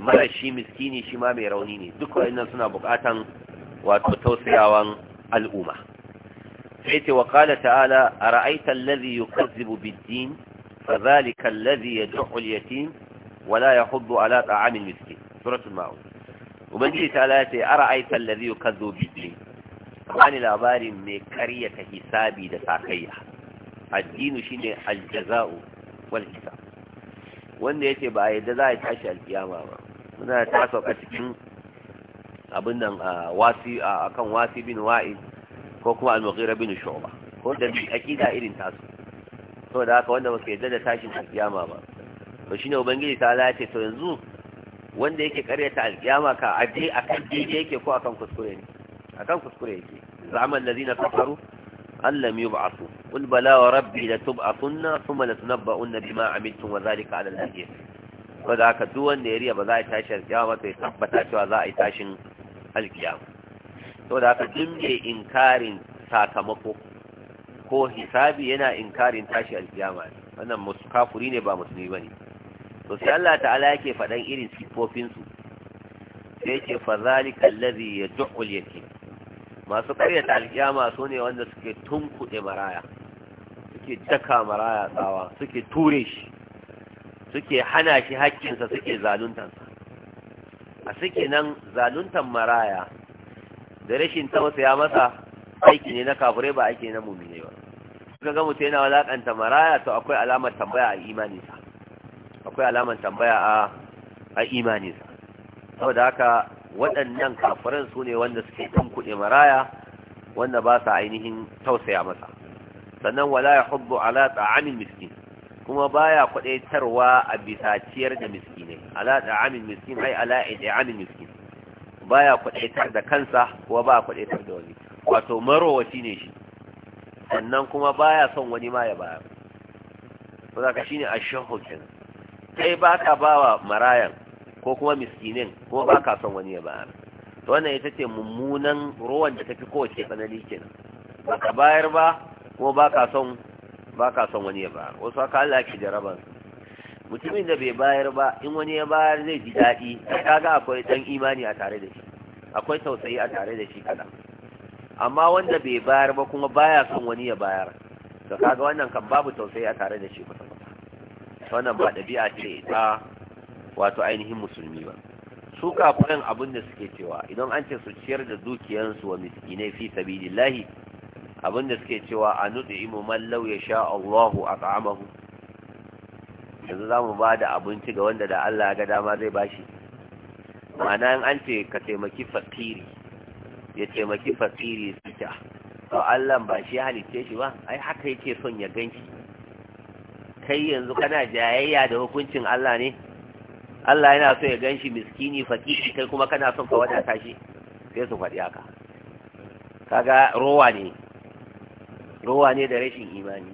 mara shi miskini shi ma mai rauni ne duk wa'annan suna bukatan wato tausayawan al'umma sai ce wa qala ta'ala ara'aita allazi yukazzibu bid-din fadhalika allazi yad'u al-yatim wa la yahuddu ala ta'am al-miskin suratul ma'un ubangiji ta'ala ya ce ara'aita allazi yukazzibu bid-din wani labarin mai karyata hisabi da sakayya addinu shine al-jaza'u wal hisa. wanda yake ba a yadda za a tashi alkiyama ba muna tasa sauka cikin abin nan wasi kan wasi bin wa'in ko kuma al-mughira bin shu'ba ko da aqida irin tasu to da haka wanda muke yarda da tashin alkiyama ba to shine ubangiji ta Allah ce to yanzu wanda yake karyata alkiyama ka aje akan dide yake ko akan kuskure ne akan kuskure yake zaman ladina kafaru an lam yub'athu qul bala wa rabbi la tub'athunna thumma latunabba'unna bima 'amiltum wa zalika 'ala al-akhir ko da haka duk wanda ya riya ba za a tashi alkiyama sai tabbata cewa za a yi tashin alkiyama to da haka duk mai inkarin sakamako ko hisabi yana inkarin tashi alkiyama ne wannan musu kafuri ne ba musulmi bane to sai Allah ta'ala yake faɗan irin sifofin su sai yake fa zalika allazi yad'u al-yatim masu ƙaryata alkiyama su ne wanda suke tunkuɗe maraya suke daka maraya tsawa suke ture shi suke hana shi haƙƙinsa suke zaluntansa a suke nan zaluntan maraya da rashin tausaya masa aiki ne na kafure ba aiki na mumine ba suka ga mutum yana walakanta maraya to akwai alamar tambaya a imaninsa akwai alamar tambaya a imaninsa saboda haka waɗannan kafuran su ne wanda suke kan kuɗe maraya wanda ba sa ainihin tausaya masa sannan wala ya hubbu ala ta'amin miskin kuma baya kwadaitarwa a bisa ciyar da miskinai ala da amin miskin ai ala amin miskin baya kwadaitar da kansa kuma ba kwadaitar da wani wato marowaci ne shi sannan kuma baya son wani ma ya bayar ko zaka shine ashahu kenan sai baka bawa marayan ko kuma miskinin ko baka son wani ya bayar to wannan ita ce mummunan ruwan da tafi kowace tsanani kenan baka bayar ba ko baka son ba ka son wani ya bayar wasu haka Allah ke jaraban mutumin da bai bayar ba in wani ya bayar zai ji daɗi kaga akwai dan imani a tare da shi akwai tausayi a tare da shi kada amma wanda bai bayar ba kuma baya son wani ya bayar to kaga wannan kan babu tausayi a tare da shi kusa wannan ba ɗabi'a ce ta wato ainihin musulmi ba su kafiran abin da suke cewa idan an ce su ciyar da dukiyansu wa miskinai fi sabilillahi abinda suke cewa a Mallau ya sha sha Allahu ƙamahu yanzu za mu ba da abinci ga wanda da Allah ya ga dama zai bashi ma'ana in an ce ka taimaki fasiri ya taimaki fakiri sita to Allah ba shi halitte shi ba ai haka yake son ya ganki kai yanzu kana jayayya da hukuncin Allah ne Allah yana so ya ganshi miskini fakiri kai kuma kana son ka wadata shi sai su faɗi haka kaga rowa ne rowa ne da rashin imani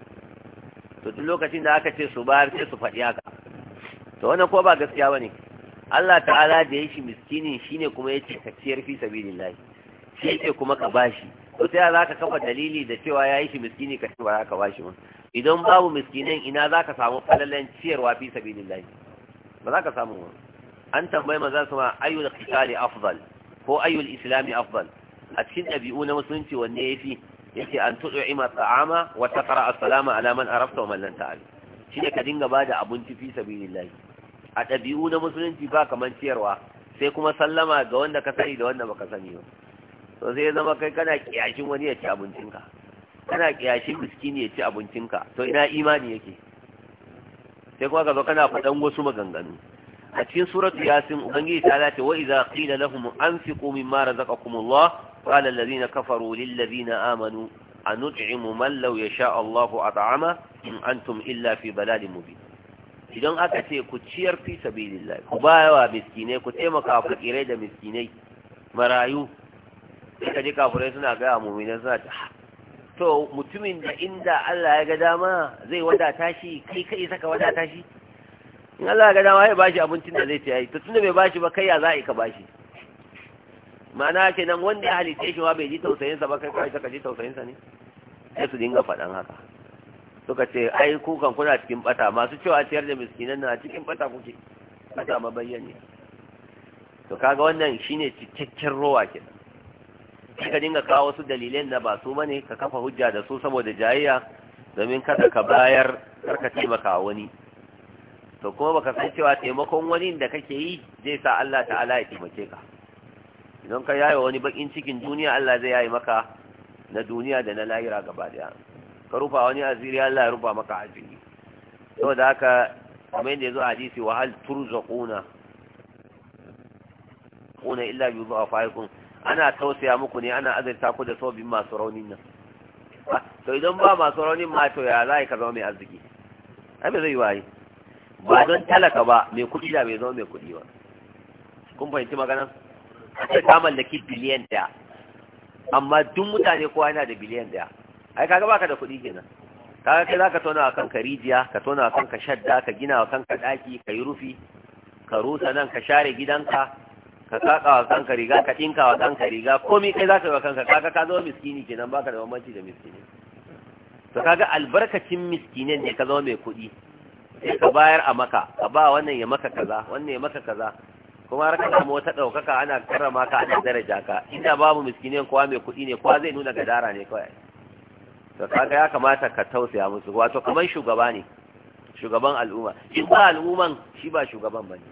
to duk lokacin da aka ce su bayar sai su faɗi haka to wannan ko ba gaskiya bane Allah ta'ala da ya shi miskinin shine kuma yace ka ciyar fi sabilillah shi yake kuma ka bashi to sai za ka kafa dalili da cewa ya yi shi miskini ka ce ba za ka bashi ba idan babu miskinin ina za ka samu falalan ciyarwa fi sabilillah ba za ka samu ba an tambayi maza su ma ayyul qitali afdal ko ayyul islami afdal a cikin ɗabi'u na musulunci wanne ya fi yake an tud'ima ta'ama wa taqra as-salama ala man arafta wa man lam ta'lam shine ka dinga bada abinci fi sabilillah a dabi'u na musulunci ba kaman ciyarwa sai kuma sallama ga wanda ka sani da wanda baka sani ba to sai ya zama kai kana kiyashin wani ya ci abincinka kana kiyashin miskini ya ci abincinka to ina imani yake sai kuma ka zo kana faɗan wasu maganganu a cikin suratu yasin ubangiji ta lati wa idza qila lahum anfiqu mimma razaqakumullah قال الذين كفروا للذين آمنوا أنطعم من لو يشاء الله أطعمه إن أنتم إلا في ضلال مبين idan aka ce ku ciyar fi sabilillah ku bayawa miskinai ku taimaka fakirai da miskinai marayu kaje ka ji kafirai suna gaya mu'minan suna ta to mutumin da inda Allah ya ga dama zai wadata tashi kai kai saka wadata tashi, in Allah ya ga dama ya bashi abincin da zai ci yayi to tunda bai bashi ba kai ya za a yi ka bashi ma'ana nan wanda ya halitta shi ma bai ji tausayinsa ba kai kai ka ji tausayinsa ne sai su dinga faɗan haka suka ce ai kukan kuna cikin bata masu cewa ciyar da miskinan na cikin bata kuke bata ma bayyane to kaga wannan shine cikakken rowa kenan ka dinga kawo wasu dalilan da ba su bane ka kafa hujja da su saboda jayayya domin kada ka bayar karka taimaka wani to kuma baka san cewa taimakon wani da kake yi zai sa Allah ta'ala ya taimake ka idan ka yaye wani bakin cikin duniya Allah zai yaye maka na duniya da na lahira gaba daya ka rufa wani asiri Allah ya rufa maka asiri saboda haka kamar yadda yazo hadisi wa hal turzaquna kuna illa bi dhafaikum ana tausaya muku ne ana azurta ku da sobin masu raunin nan to idan ba masu raunin ma to ya zai ka zama mai arziki ai zai waye ba don talaka ba mai kuɗi da bai zama mai kuɗi ba kun fahimci maganar sai ta mallaki biliyan daya amma duk mutane kowa yana da biliyan daya ai kaga baka da kuɗi kenan kaga kai zaka tona wa kanka rijiya ka tona wa kanka shadda ka gina wa kanka daki ka yi rufi ka rusa nan ka share gidanka ka saka wa kanka riga ka tinka wa kanka riga komai kai zaka yi wa kanka kaga ka zama miskini kenan baka da bambanci da miskini to kaga albarkacin miskinin ne ka zama mai kuɗi sai ka bayar a maka ka ba wannan ya maka kaza wannan ya maka kaza kuma har ka samu wata ɗaukaka ana karrama ka ana daraja ka inda babu miskinin kowa mai kuɗi ne kowa zai nuna gadara ne kawai to kaga ya kamata ka tausaya musu wato kamar shugaba ne shugaban al'umma in ba al'umman shi ba shugaban bane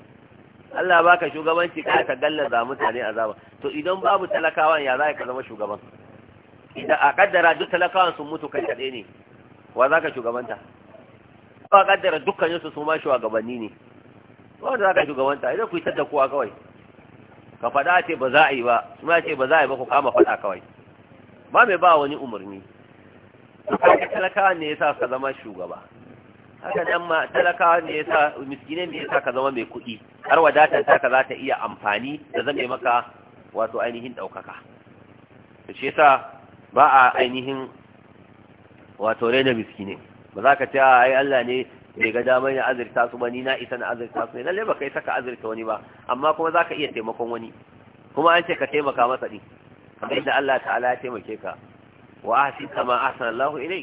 Allah baka shugabanci ka ta gallaza mutane azaba to idan babu talakawan ya za ka zama shugaban idan a kaddara duk talakawan sun mutu kai kaɗai ne wa za ka shugabanta ba kaddara dukkaninsu su ma shugabanni ne wanda za ka shugabanta idan ku yi tattar kowa kawai ka faɗa ce ba za a yi ba kuma ce ba za a yi ba ku kama faɗa kawai ba mai ba wani umarni haka talakawa ne ya sa ka zama shugaba haka nan ma talakawa ne ya sa miskine ne ya sa ka zama mai kuɗi har wadatar ta ka za ta iya amfani da zame maka wato ainihin ɗaukaka da shi yasa ba a ainihin wato raina miskine ba za ka ce ai Allah ne bai ga damar ya azirta su ba ni na isa na azirta su ne lalle ba kai saka azirta wani ba amma kuma zaka iya taimakon wani kuma an ce ka taimaka masa din kamar da Allah ta'ala ya taimake ka wa ahsin kama ahsana Allah ilai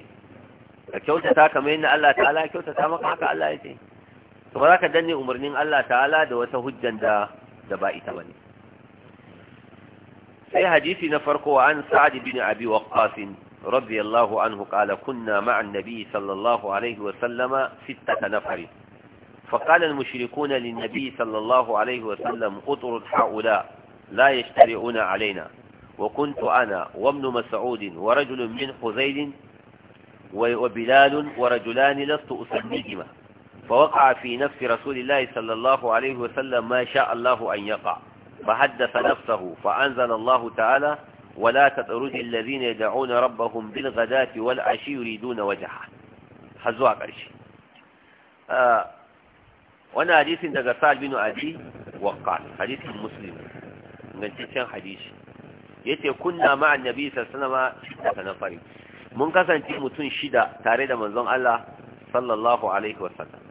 ka kyautata kamar yadda Allah ta'ala ya kyautata maka haka Allah ya ce to ba ka danne umarnin Allah ta'ala da wata hujjan da da ba ita bane sai hadisi na farko wa an sa'ad bin abi waqqas رضي الله عنه قال كنا مع النبي صلى الله عليه وسلم ستة نفر فقال المشركون للنبي صلى الله عليه وسلم اطرد هؤلاء لا يشترئون علينا وكنت أنا وابن مسعود ورجل من خزيل وبلال ورجلان لست أسميهما فوقع في نفس رسول الله صلى الله عليه وسلم ما شاء الله أن يقع فحدث نفسه فأنزل الله تعالى ولا تطرد الذين يدعون ربهم بالغداة والعشي يريدون وجهه حزوا قرشي وانا حديث daga Sa'd bin Abi Waqqas حديث مسلم gantaccen hadisi yace kunna ma'an annabi sallallahu alaihi wasallam mun kasance mutum shida tare da manzon Allah sallallahu alaihi wasallam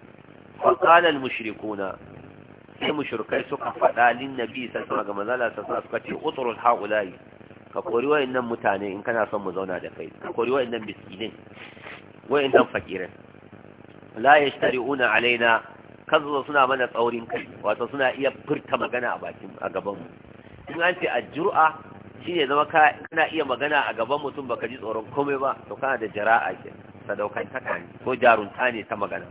fa qala al mushrikuna sai mushrikai suka fada lin nabi sallallahu alaihi wasallam ga manzon Allah sallallahu alaihi wasallam suka ce utrul haula'i ka kori wayannan mutane in kana son mu zauna da kai ka kori wayannan biskinin wayannan fakirin la yashtari'una alaina kazo suna mana tsaurin kai wato suna iya furta magana a bakin a gaban mu in an ce ajru'a shine zama kana iya magana a gaban mutum baka ji tsoron komai ba to kana da jara'a ke sadaukan taka ne ko jarunta ne ta magana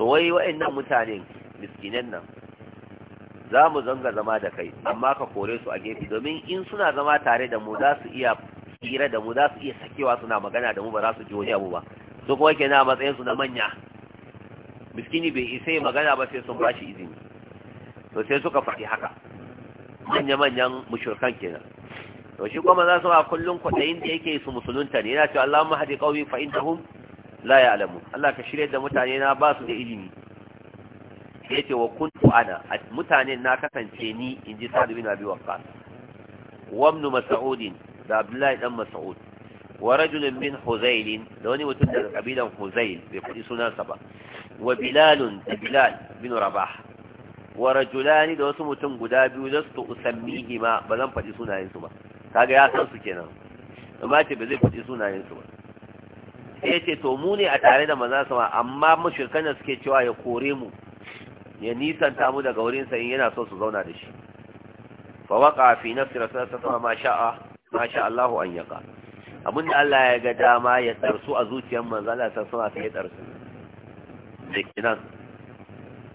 to wai wayannan mutane miskinan nan za mu zanga zama da kai amma ka kore su a gefe domin in suna zama tare da mu za su iya tsira da mu za su iya sakewa suna magana da mu ba za su ji wani abu ba su kuma ke na matsayin su na manya miskini bai isa magana ba sai sun ba shi izini to sai suka faɗi haka manya-manyan mushurkan kenan to shi kuma za su ma kullun kwaɗayin da yake su musulunta ne yana cewa Allahumma hadi qaumi fa innahum la ya'lamu Allah ka shirye da mutane na ba su da ilimi ce wa kuntu ana mutanen na kasance ni inji Sa'd bin Abi Waqqas wa ibn Mas'ud da Abdullahi dan Mas'ud wa rajulun min Huzail da wani mutum daga kabilan Huzail bai kudi sunansa ba wa Bilal da Bilal bin Rabah wa rajulani da wasu mutum guda biyu da su usammihi ma ba zan faɗi sunayensu ba kaga ya san su kenan amma ce ba zai faɗi sunayensu ba sai ce to mu ne a tare da maza sama amma mushrikan da suke cewa ya kore mu ya nisanta mu daga wurin sai yana so su zauna da shi fa waqa fi nafsi rasulullahi ma sha'a ma sha Allahu an yaka. abin da Allah ya ga dama ya tsarsu a zuciyar manzo Allah ta sama sai ya tsarsu dikinan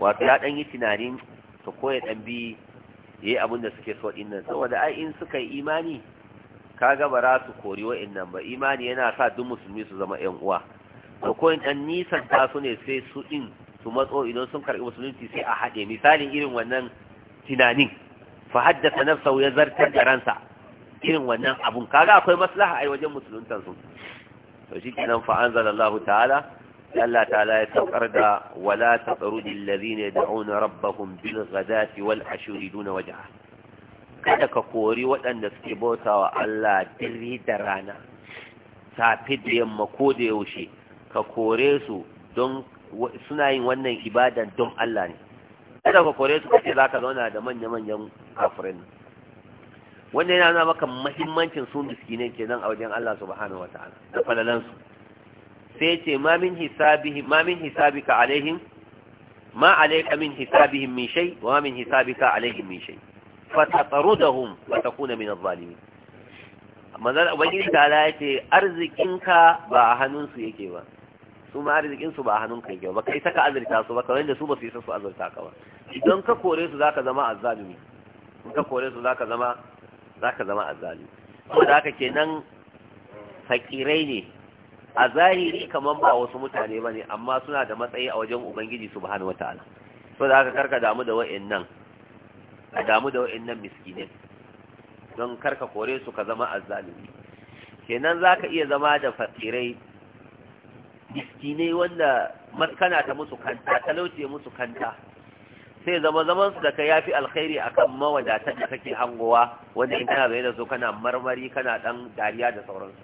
wato ya dan yi tunanin to ko ya dan bi yayi abin da suke so din nan saboda ai in suka yi imani kaga ba za su kori wa'annan ba imani yana sa duk musulmi su zama 'yan uwa to ko in dan nisan ta su ne sai su din su matso idan sun karɓi musulunci sai a haɗe misalin irin wannan tunanin fa haddasa nafsahu ya zartar da ransa irin wannan abun kaga akwai maslaha ai wajen musuluntan su to shikenan fa anzalallahu ta'ala Allah ta'ala ya saukar da wala tasarudil ladina yad'una rabbahum bil ghadati wal ashuri duna wajha kada ka kori waɗanda suke bautawa Allah dare da rana safi da yamma ko da yaushe ka kore su don suna yin wannan ibadan don Allah ne kada ka kore su kace zaka zauna da manya-manyan kafirin wannan yana nuna maka sun su miskinai kenan a wajen Allah subhanahu wataala da falalan su sai ce ma min hisabihi ma min hisabika alaihim ma alayka min hisabihim min shay wa min hisabika alaihim min shay fatatrudahum wa takuna min adh-dhalimin manzon ubangiji ta ala arzikinka ba a hannunsu yake ba su ma arzikin su ba hannun kai ba kai saka azurta su ba kamar da su ba su yi su azurta ka ba idan ka kore su zaka zama azzalumi in ka kore su zaka zama zaka zama azzalumi saboda haka kenan fakirai ne a zahiri kamar ba wasu mutane bane amma suna da matsayi a wajen ubangiji subhanahu wataala da haka karka damu da wa'annan a damu da wa'annan miskinai don karka kore su ka zama azzalumi kenan zaka iya zama da fakirai ne wanda maskana ta musu kanta talauce musu kanta sai zama zaman su da ka yafi alkhairi akan mawadata da kake hangowa wanda in kana bayyana so kana marmari kana dan dariya da sauransu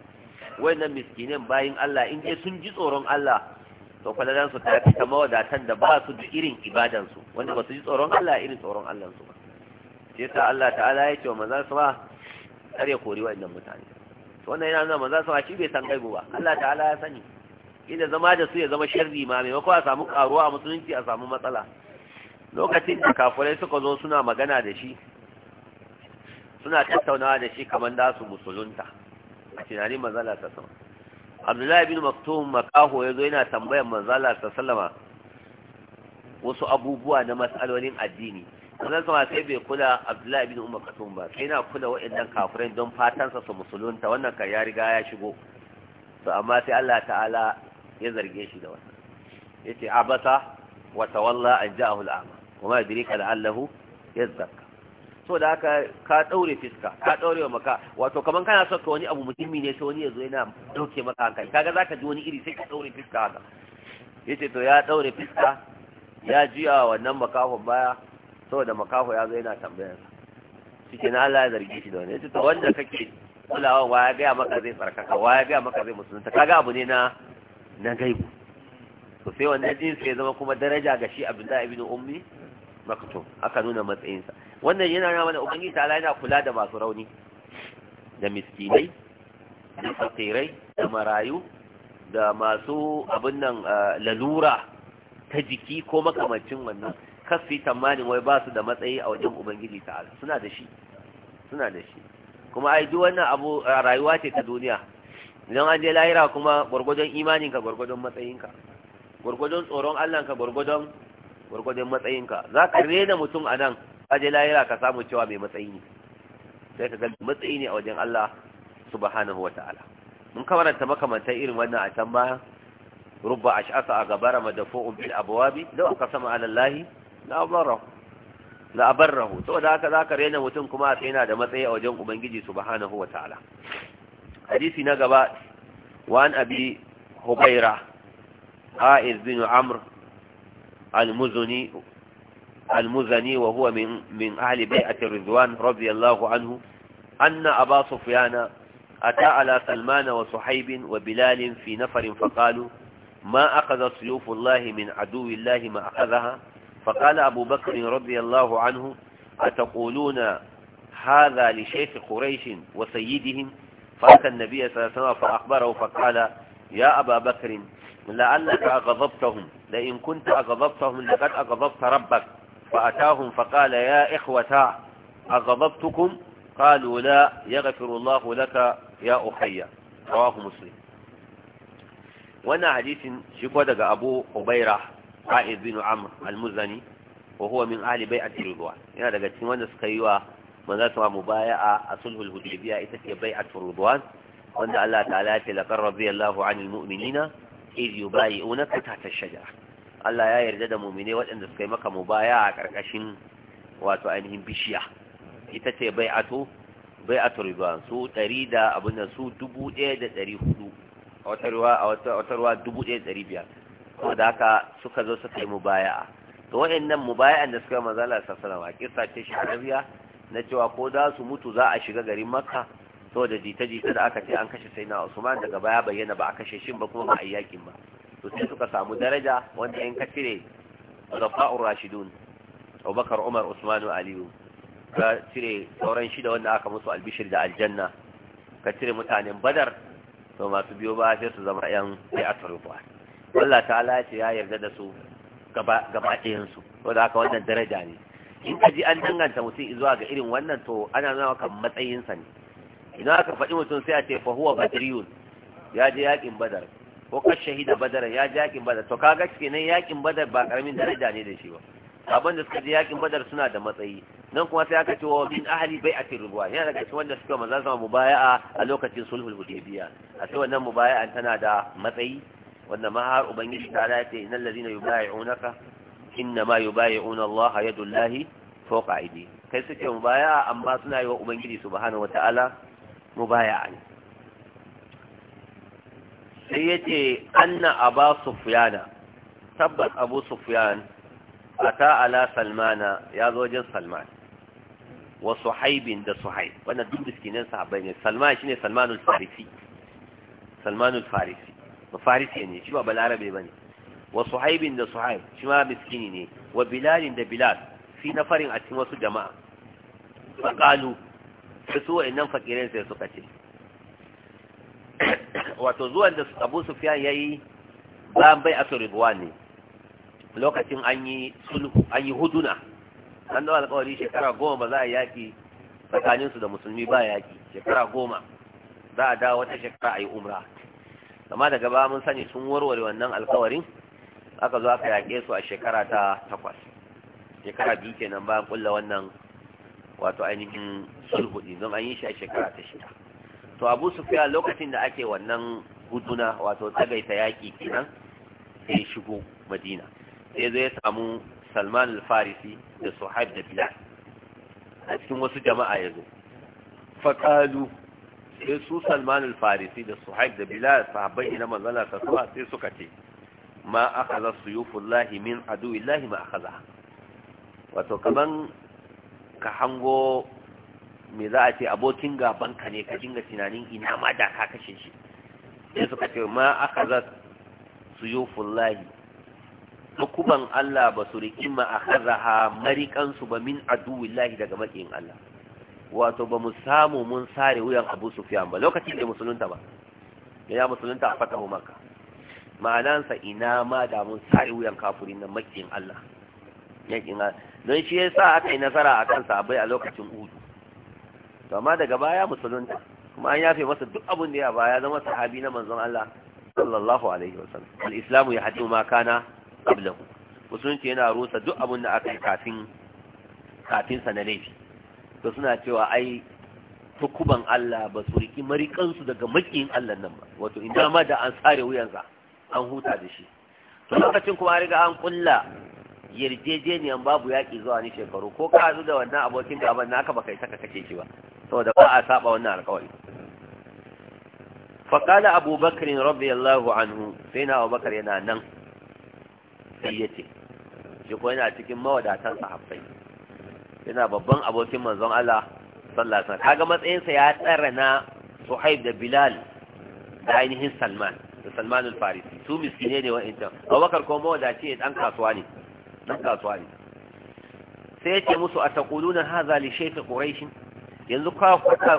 wayannan miskinin bayin Allah in dai sun ji tsoron Allah to kwalalan su ta ta mawadatan da ba su da irin ibadan su wanda ba su ji tsoron Allah irin tsoron Allah su ba sai sa Allah ta'ala ya ce wa manzon sa kare kori wayannan mutane to wannan yana nuna manzon sa shi bai san gaibu ba Allah ta'ala ya sani inda zama da su ya zama sharri ma maimakon a samu karuwa a musulunci a samu matsala lokacin da kafurai suka zo suna magana da shi suna tattaunawa da shi kamar da su musulunta a tunanin manzala ta sama abdullahi bin maktum makaho ya zo yana tambayan manzala ta salama wasu abubuwa na matsalolin addini wannan sama sai bai kula abdullahi bin umar ba sai na kula waɗannan kafirai don fatansa su musulunta wannan kan ya riga ya shigo to amma sai Allah ta'ala ya zarge shi da wannan yace abasa wa tawalla an ja'ahu al'ama kuma yadrika la'allahu yazakka so da haka ka daure fiska ka daure maka wato kaman kana so ka wani abu muhimmi ne sai wani yazo yana dauke maka hankali kaga zaka ji wani iri sai ka daure fiska haka yace to ya daure fiska ya jiya wannan makahon baya saboda makaho ya zo yana tambayar shike na Allah ya zargi shi da wani yace to wanda kake kulawa wa ya ga maka zai tsarkaka wa ya ga maka zai musulunta kaga abu ne na na gaibu to sai wannan jinsi ya zama kuma daraja ga shi abdullahi ibn ummi maktum aka nuna matsayinsa wannan yana nuna mana ubangi ta yana kula da masu rauni da miskinai da fakirai da marayu da masu abin nan lalura ta jiki ko makamancin wannan kafi tamanin wai ba su da matsayi a wajen ubangiji ta'ala suna da shi suna da shi kuma ai duk wannan abu rayuwa ce ta duniya idan an je lahira kuma gwargwadon imaninka gwargwadon matsayinka gwargwadon tsoron Allahnka gwargwadon gwargwadon matsayinka za ka rena mutum a nan a je lahira ka samu cewa mai matsayi ne sai ka ga matsayi ne a wajen Allah subhanahu wataala mun kamaranta makamantar irin wannan a can baya rubba ash'asa a gabara madafu'un bil abuwabi, da aqsama ala allahi la abarahu la abarahu saboda haka ka rena mutum kuma a tsina da matsayi a wajen ubangiji subhanahu wataala hadisi na gaba wa abi hubaira ha'iz bin amr al-muzani wa huwa min min ahli bai'at ridwan radiyallahu anhu anna aba sufyana ata ala salmana wa suhayb wa bilal fi nafar faqalu ما أخذ صيوف الله من عدو الله ما أخذها فقال أبو بكر na الله عنه أتقولون هذا لشيخ قريش وسيدهم فأتى النبي صلى الله عليه وسلم فأخبره فقال يا أبا بكر لعلك أغضبتهم لئن كنت أغضبتهم لقد أغضبت ربك فأتاهم فقال يا إخوة أغضبتكم قالوا لا يغفر الله لك يا أخي رواه مسلم وانا حديث شكوى دقى أبو أبيرة قائد بن عمرو المزني وهو من أهل بيعة الرضوان يعني دقى تنوانا سكيوه manzo mu baya a sulhul hudaybiya ita ce bai'atul ridwan wanda Allah ta'ala ya ce laqad radiyallahu 'anil mu'minina iz yubayi'unaka tahta ash-shajara Allah ya yarda da mu'mine waɗanda suka yi maka mubaya'a a ƙarƙashin wato ainihin bishiya ita ce bai'atu bai'atul ridwan su ɗari da abin da su 1400 a wata ruwa a wata ruwa 1500 da haka suka zo suka yi mubaya'a to waɗannan mubaya'an da suka yi manzo Allah sallallahu alaihi wasallam a kissa ce shahararriya na cewa ko za su mutu za a shiga garin makka saboda jita-jita da aka ce an kashe sai na usman daga baya bayyana ba a kashe shi ba kuma ba a yakin ba to sai suka samu daraja wanda in ka cire rafa'ur rashidun abubakar umar usmanu aliyu ka cire sauran shida wanda aka musu albishir da aljanna ka cire mutanen badar to masu biyo ba sai su zama yan bai'atul ridwan Allah ta'ala ya yarda da su gaba ɗayan su wanda aka wannan daraja ne in ka ji an danganta mutum zuwa ga irin wannan to ana nuna maka matsayinsa ne idan aka faɗi mutum sai a ce fa huwa badriyun ya je yaƙin badar ko ka shahida badar ya je yaƙin badar to kaga kenan yaƙin badar ba ƙaramin daraja ne da shi ba abin da suka je yaƙin badar suna da matsayi nan kuma sai aka ce wa bai ahli bai'atir ruwa yana daga cikin wanda suka maza sama mubaya'a a lokacin sulhul hudaybiya a sai wannan mubaya'a tana da matsayi wanda ma har ubangiji ta ya ce innal ladina yubai'unaka inna ma yubayi'una Allah yadullahi fawqa aydihim kai suke mubaya'a amma suna yi wa ubangiji subhanahu wata'ala mubaya'a ne sai yace anna aba sufyana tabbas abu sufyan ata ala salmana ya zo wajen salman wa suhaibin da suhaib wannan duk miskinan sahabbai ne salman shine salmanul farisi salmanul farisi ba farisi ne shi ba balarabe bane wa suhaibin da suhaib shi ma miskini ne wa bilalin da bilal fi na farin a cikin wasu jama'a faƙalu su su wa'annan fakirin sai suka ce wato zuwan da abu sufiyan ya yi bayan bai asu ne lokacin an yi sulhu an yi huduna an dawa alƙawari shekara goma ba za a yaki tsakaninsu da musulmi ba yaki. shekara goma za a dawo wata shekara a yi umra amma daga ba mun sani sun warware wannan alƙawarin aka zo aka yaƙe su a shekara ta takwas shekara biyu kenan bayan kulla wannan wato ainihin sulhu din don an yi shi a shekara ta shida to abu fiya lokacin da ake wannan guduna wato tsagaita yaƙi kenan sai shigo madina sai zai samu salman al-farisi da suhaib da bilal a cikin wasu jama'a ya zo faƙalu sai su salman al-farisi da suhaib da bilal sahabbai na manzala ta sai suka ce ma aka su yi fulahi min lahi ma aka za? wato kaman ka hango me za a ce abokin gaban ka ne ka dinga tunanin ina ma da ka kashe shi sai suka ce ma aka su yi fulahi hukuman Allah ba su riƙi ma aka ha marikan su ba min lahi daga makin Allah wato ba mu samu mun sare wuyan Abu Sufyan ba lokacin da musulunta ba ya musulunta a mu Makka ma'anansa ina ma da mun sai wuyan kafirin nan makin Allah yakin don shi yasa aka yi nasara akan sahabbai a lokacin Uhud to amma daga baya musulunta kuma an yafe masa duk abin da ya baya zama sahabi na manzon Allah sallallahu alaihi wasallam al-islamu hadu ma kana qabla musulunci yana rusa duk abun da aka yi kafin kafin sa na laifi to suna cewa ai tukuban Allah ba su riki marikansu daga makin Allah nan ba wato inda ma da an sare wuyansa an huta da shi to lokacin kuma riga an kulla yarjejeniyan babu yaƙi zuwa ni shekaru ko ka zu da wannan abokin abin naka baka ka kake shi ba saboda ba a saba wannan alƙawari فقال أبو بكر رضي الله عنه سينا yana nan sai ya ce shi ko yana cikin mawadatan sahabbai yana babban abokin manzon Allah sallallahu alaihi wasallam kaga matsayinsa ya tsara na Suhaib da Bilal da ainihin Salman da Salman al-Farisi su miskine ne wa'ancan Abubakar kuma wadace dan kasuwa ne dan kasuwa ne sai yake musu ataquluna hadha li shaykh quraish yanzu ka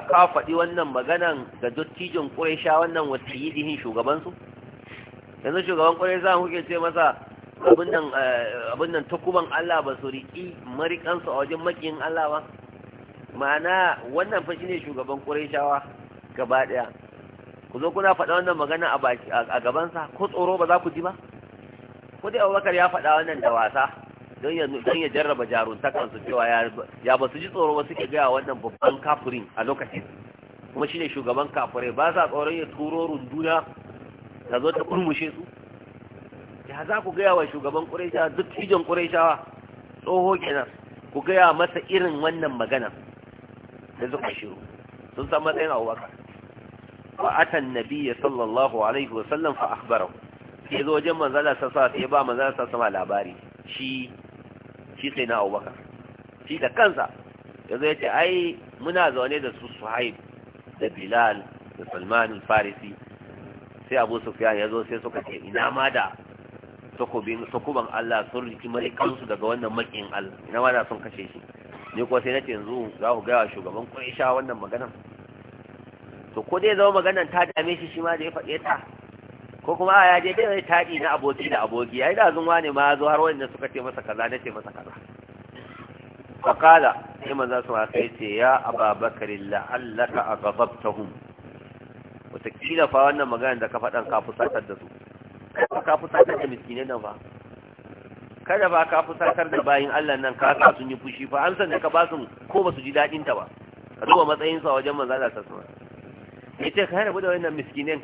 ka faɗi wannan maganan ga dottijin quraisha wannan wasiyidihin shugaban su yanzu shugaban quraisha ke ce masa abin nan eh, abin nan takuban Allah ba su riki marikan su a wajen makiyin Allah ba ma'ana wannan fa shine shugaban quraishawa gaba daya ku zo kuna faɗa wannan magana a gabansa ko tsoro ba za ku ji ba ko dai abubakar ya faɗa wannan da wasa don ya jarraba su cewa ya ba su ji tsoro ba suke gaya wannan babban kafurin a lokacin kuma shine shugaban kafure ba sa tsoron ya turo runduna ta zo ta kurmushe su ya za ku gaya wa shugaban ƙuraishawa duk cijon ƙuraishawa tsoho kenan ku gaya masa irin wannan magana da suka shiru sun san matsayin abubakar wa atan nabiyya sallallahu alaihi wa sallam fa akhbarahu sai zo wajen manzala sa sa ba manzala sa sama labari shi sai na Abubakar shi da kansa yazo yace ai muna zaune da su Suhaib da Bilal da Salman al-Farisi sai Abu Sufyan yazo sai suka ce ina ma da takobin Allah sun riki malikansu daga wannan makin Allah ina ma da sun kashe shi ne ko sai nace yanzu za ku ga shugaban Quraysh wannan maganar to ko dai zama maganan ta dame shi shi ma da ya faɗe ta ko kuma a yaje dai zai taɗi na aboki da aboki ya yi da zuwa ne ma zo har wanda suka ce masa kaza na ce masa kaza fakala sai maza su ma ya ce ya ababakar la'allaka gababtahun wataƙila fa wannan maganar da ka faɗan ka fusatar da su ka fusatar da miskinai nan ba kada ba ka fusatar da bayin Allah nan ka sa sun yi fushi fa san da ka ba su ko ba su ji daɗin ta ba ka duba matsayinsa a wajen maza da sallallahu Yace ka rabu da wannan miskinin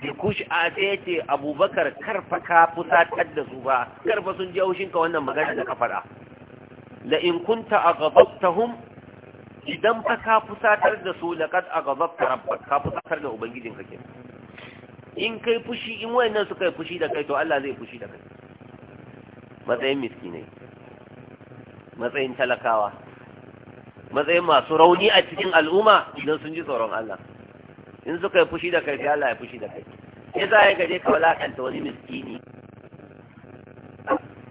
da kush a tsaye ce abubakar karfa ka fusatar da su ba karfa sun ji haushinka wannan magana da ka faɗa la in kunta aghdabtahum idan fa ka fusatar da su laqad aghdabta rabbak ka fusatar da ubangijin ka ke? in kai fushi in wayannan su kai fushi da kai to Allah zai fushi da kai matsayin miskinai matsayin talakawa matsayin masu rauni a cikin al'umma idan sun ji tsoron Allah in suka yi fushi da kai Allah ya fushi da kai ya za yi gaje ka walakanta wani miskini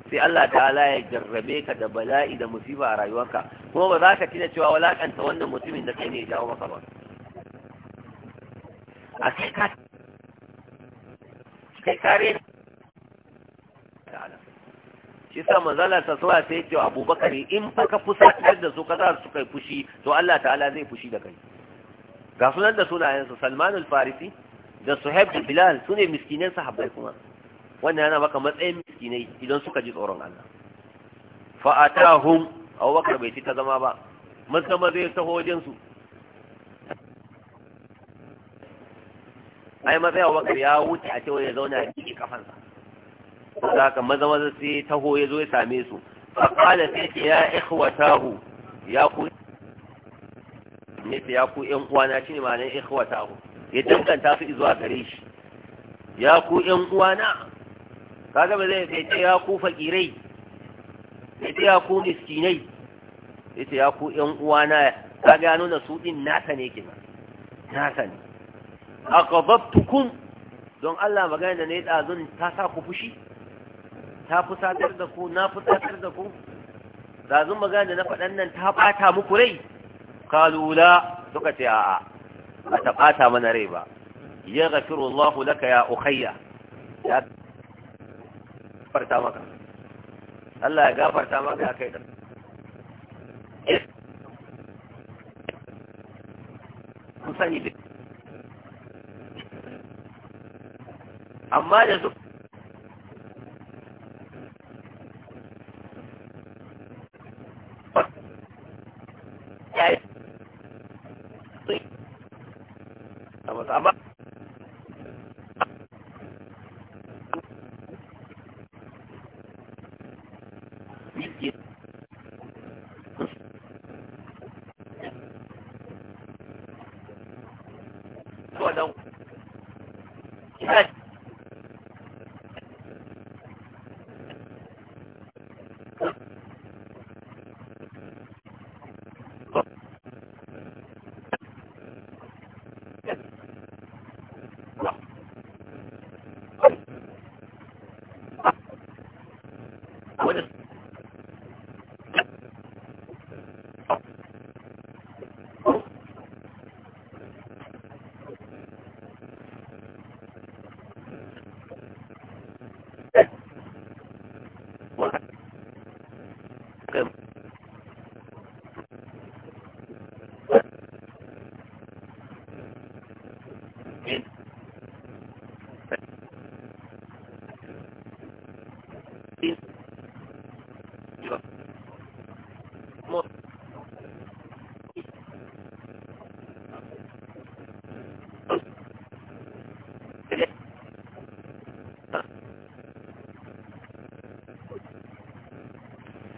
sai Allah ta'ala ya jarrabe ka da bala'i da musiba a rayuwarka kuma ba za ka tina cewa walakanta wannan mutumin da kai ne ya jawo maka ba a kai ka kai kare ta'ala shi sa manzala ta sawa sai yake abubakar in ba ka fusatar da su ka za su kai fushi to Allah ta'ala zai fushi da kai ga sunan da sunayen su Salman al-Farisi da Suhaib da Bilal sune miskinan sahabbai kuma wannan yana maka matsayin miskinai idan suka ji tsoron Allah fa atahum bakar bai ci ta zama ba musamman zai taho wajen su ai matsayin Abubakar ya wuce a cewa ya zauna a cikin kafansa saka maza maza sai taho ya zo ya same su faƙala sai ce ya ikhwatahu ya ku ne ya ku ƴan uwana shine ma'anar ikhwatahu ya danganta su zuwa gare shi ya ku ƴan uwana kaga ba zai sai ce ya ku fakirai sai ce ya ku miskinai sai ce ya ku ƴan uwana kaga ya nuna su din nasa ne kina nasa ne aqabtukum don Allah magana da ne dazun ta sa ku fushi ta fusatar da ku na fusatar da ku razun magana na faɗan nan ta ɓata muku rai kalula suka ce a'a a ta ɓata mana rai ba ya gafiru Allah laka ya ukhayya ya farta maka Allah ya gafarta maka kai da Kusa sani amma da su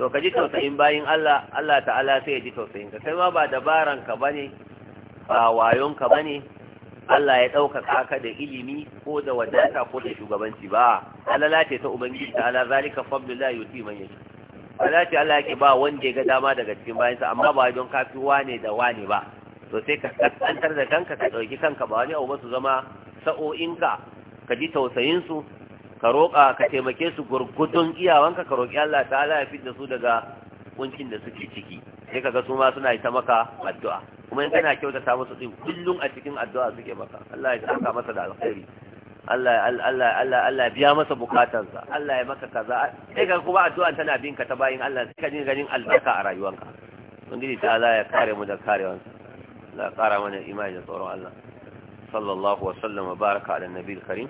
to ka ji tausayin bayin Allah Allah ta'ala sai ya ji tausayin ka sai ma ba dabaran ka bane ba wayon ka bane Allah ya ɗaukaka ka da ilimi ko da wadata ko da shugabanci ba alala ce ta ubangiji ta ala zalika fadlullah yuti man yasha alala ce Allah yake ba wanda ya ga dama daga cikin bayansa amma ba don kafi wane da wane ba to sai ka tsantar da kanka ka ɗauki kanka ba wani abu ba su zama sa'o'inka ka ji tausayin su ka roƙa ka taimake su gurgudun iyawanka ka roƙi Allah ta'ala ya fitar su daga kuncin da suke ciki sai kaga su ma suna yi ta maka addu'a kuma in kana kyautata musu din kullum a cikin addu'a suke maka Allah ya saka masa da alkhairi Allah Allah Allah Allah biya masa bukatansa Allah ya maka kaza sai ka kuma addu'a tana bin ka ta bayin Allah sai ka ji ganin albarka a rayuwanka ubangiji ta Allah ya kare mu da karewansa Allah ya kara mana imani da tsoron Allah sallallahu wa sallama baraka ala nabiyil karim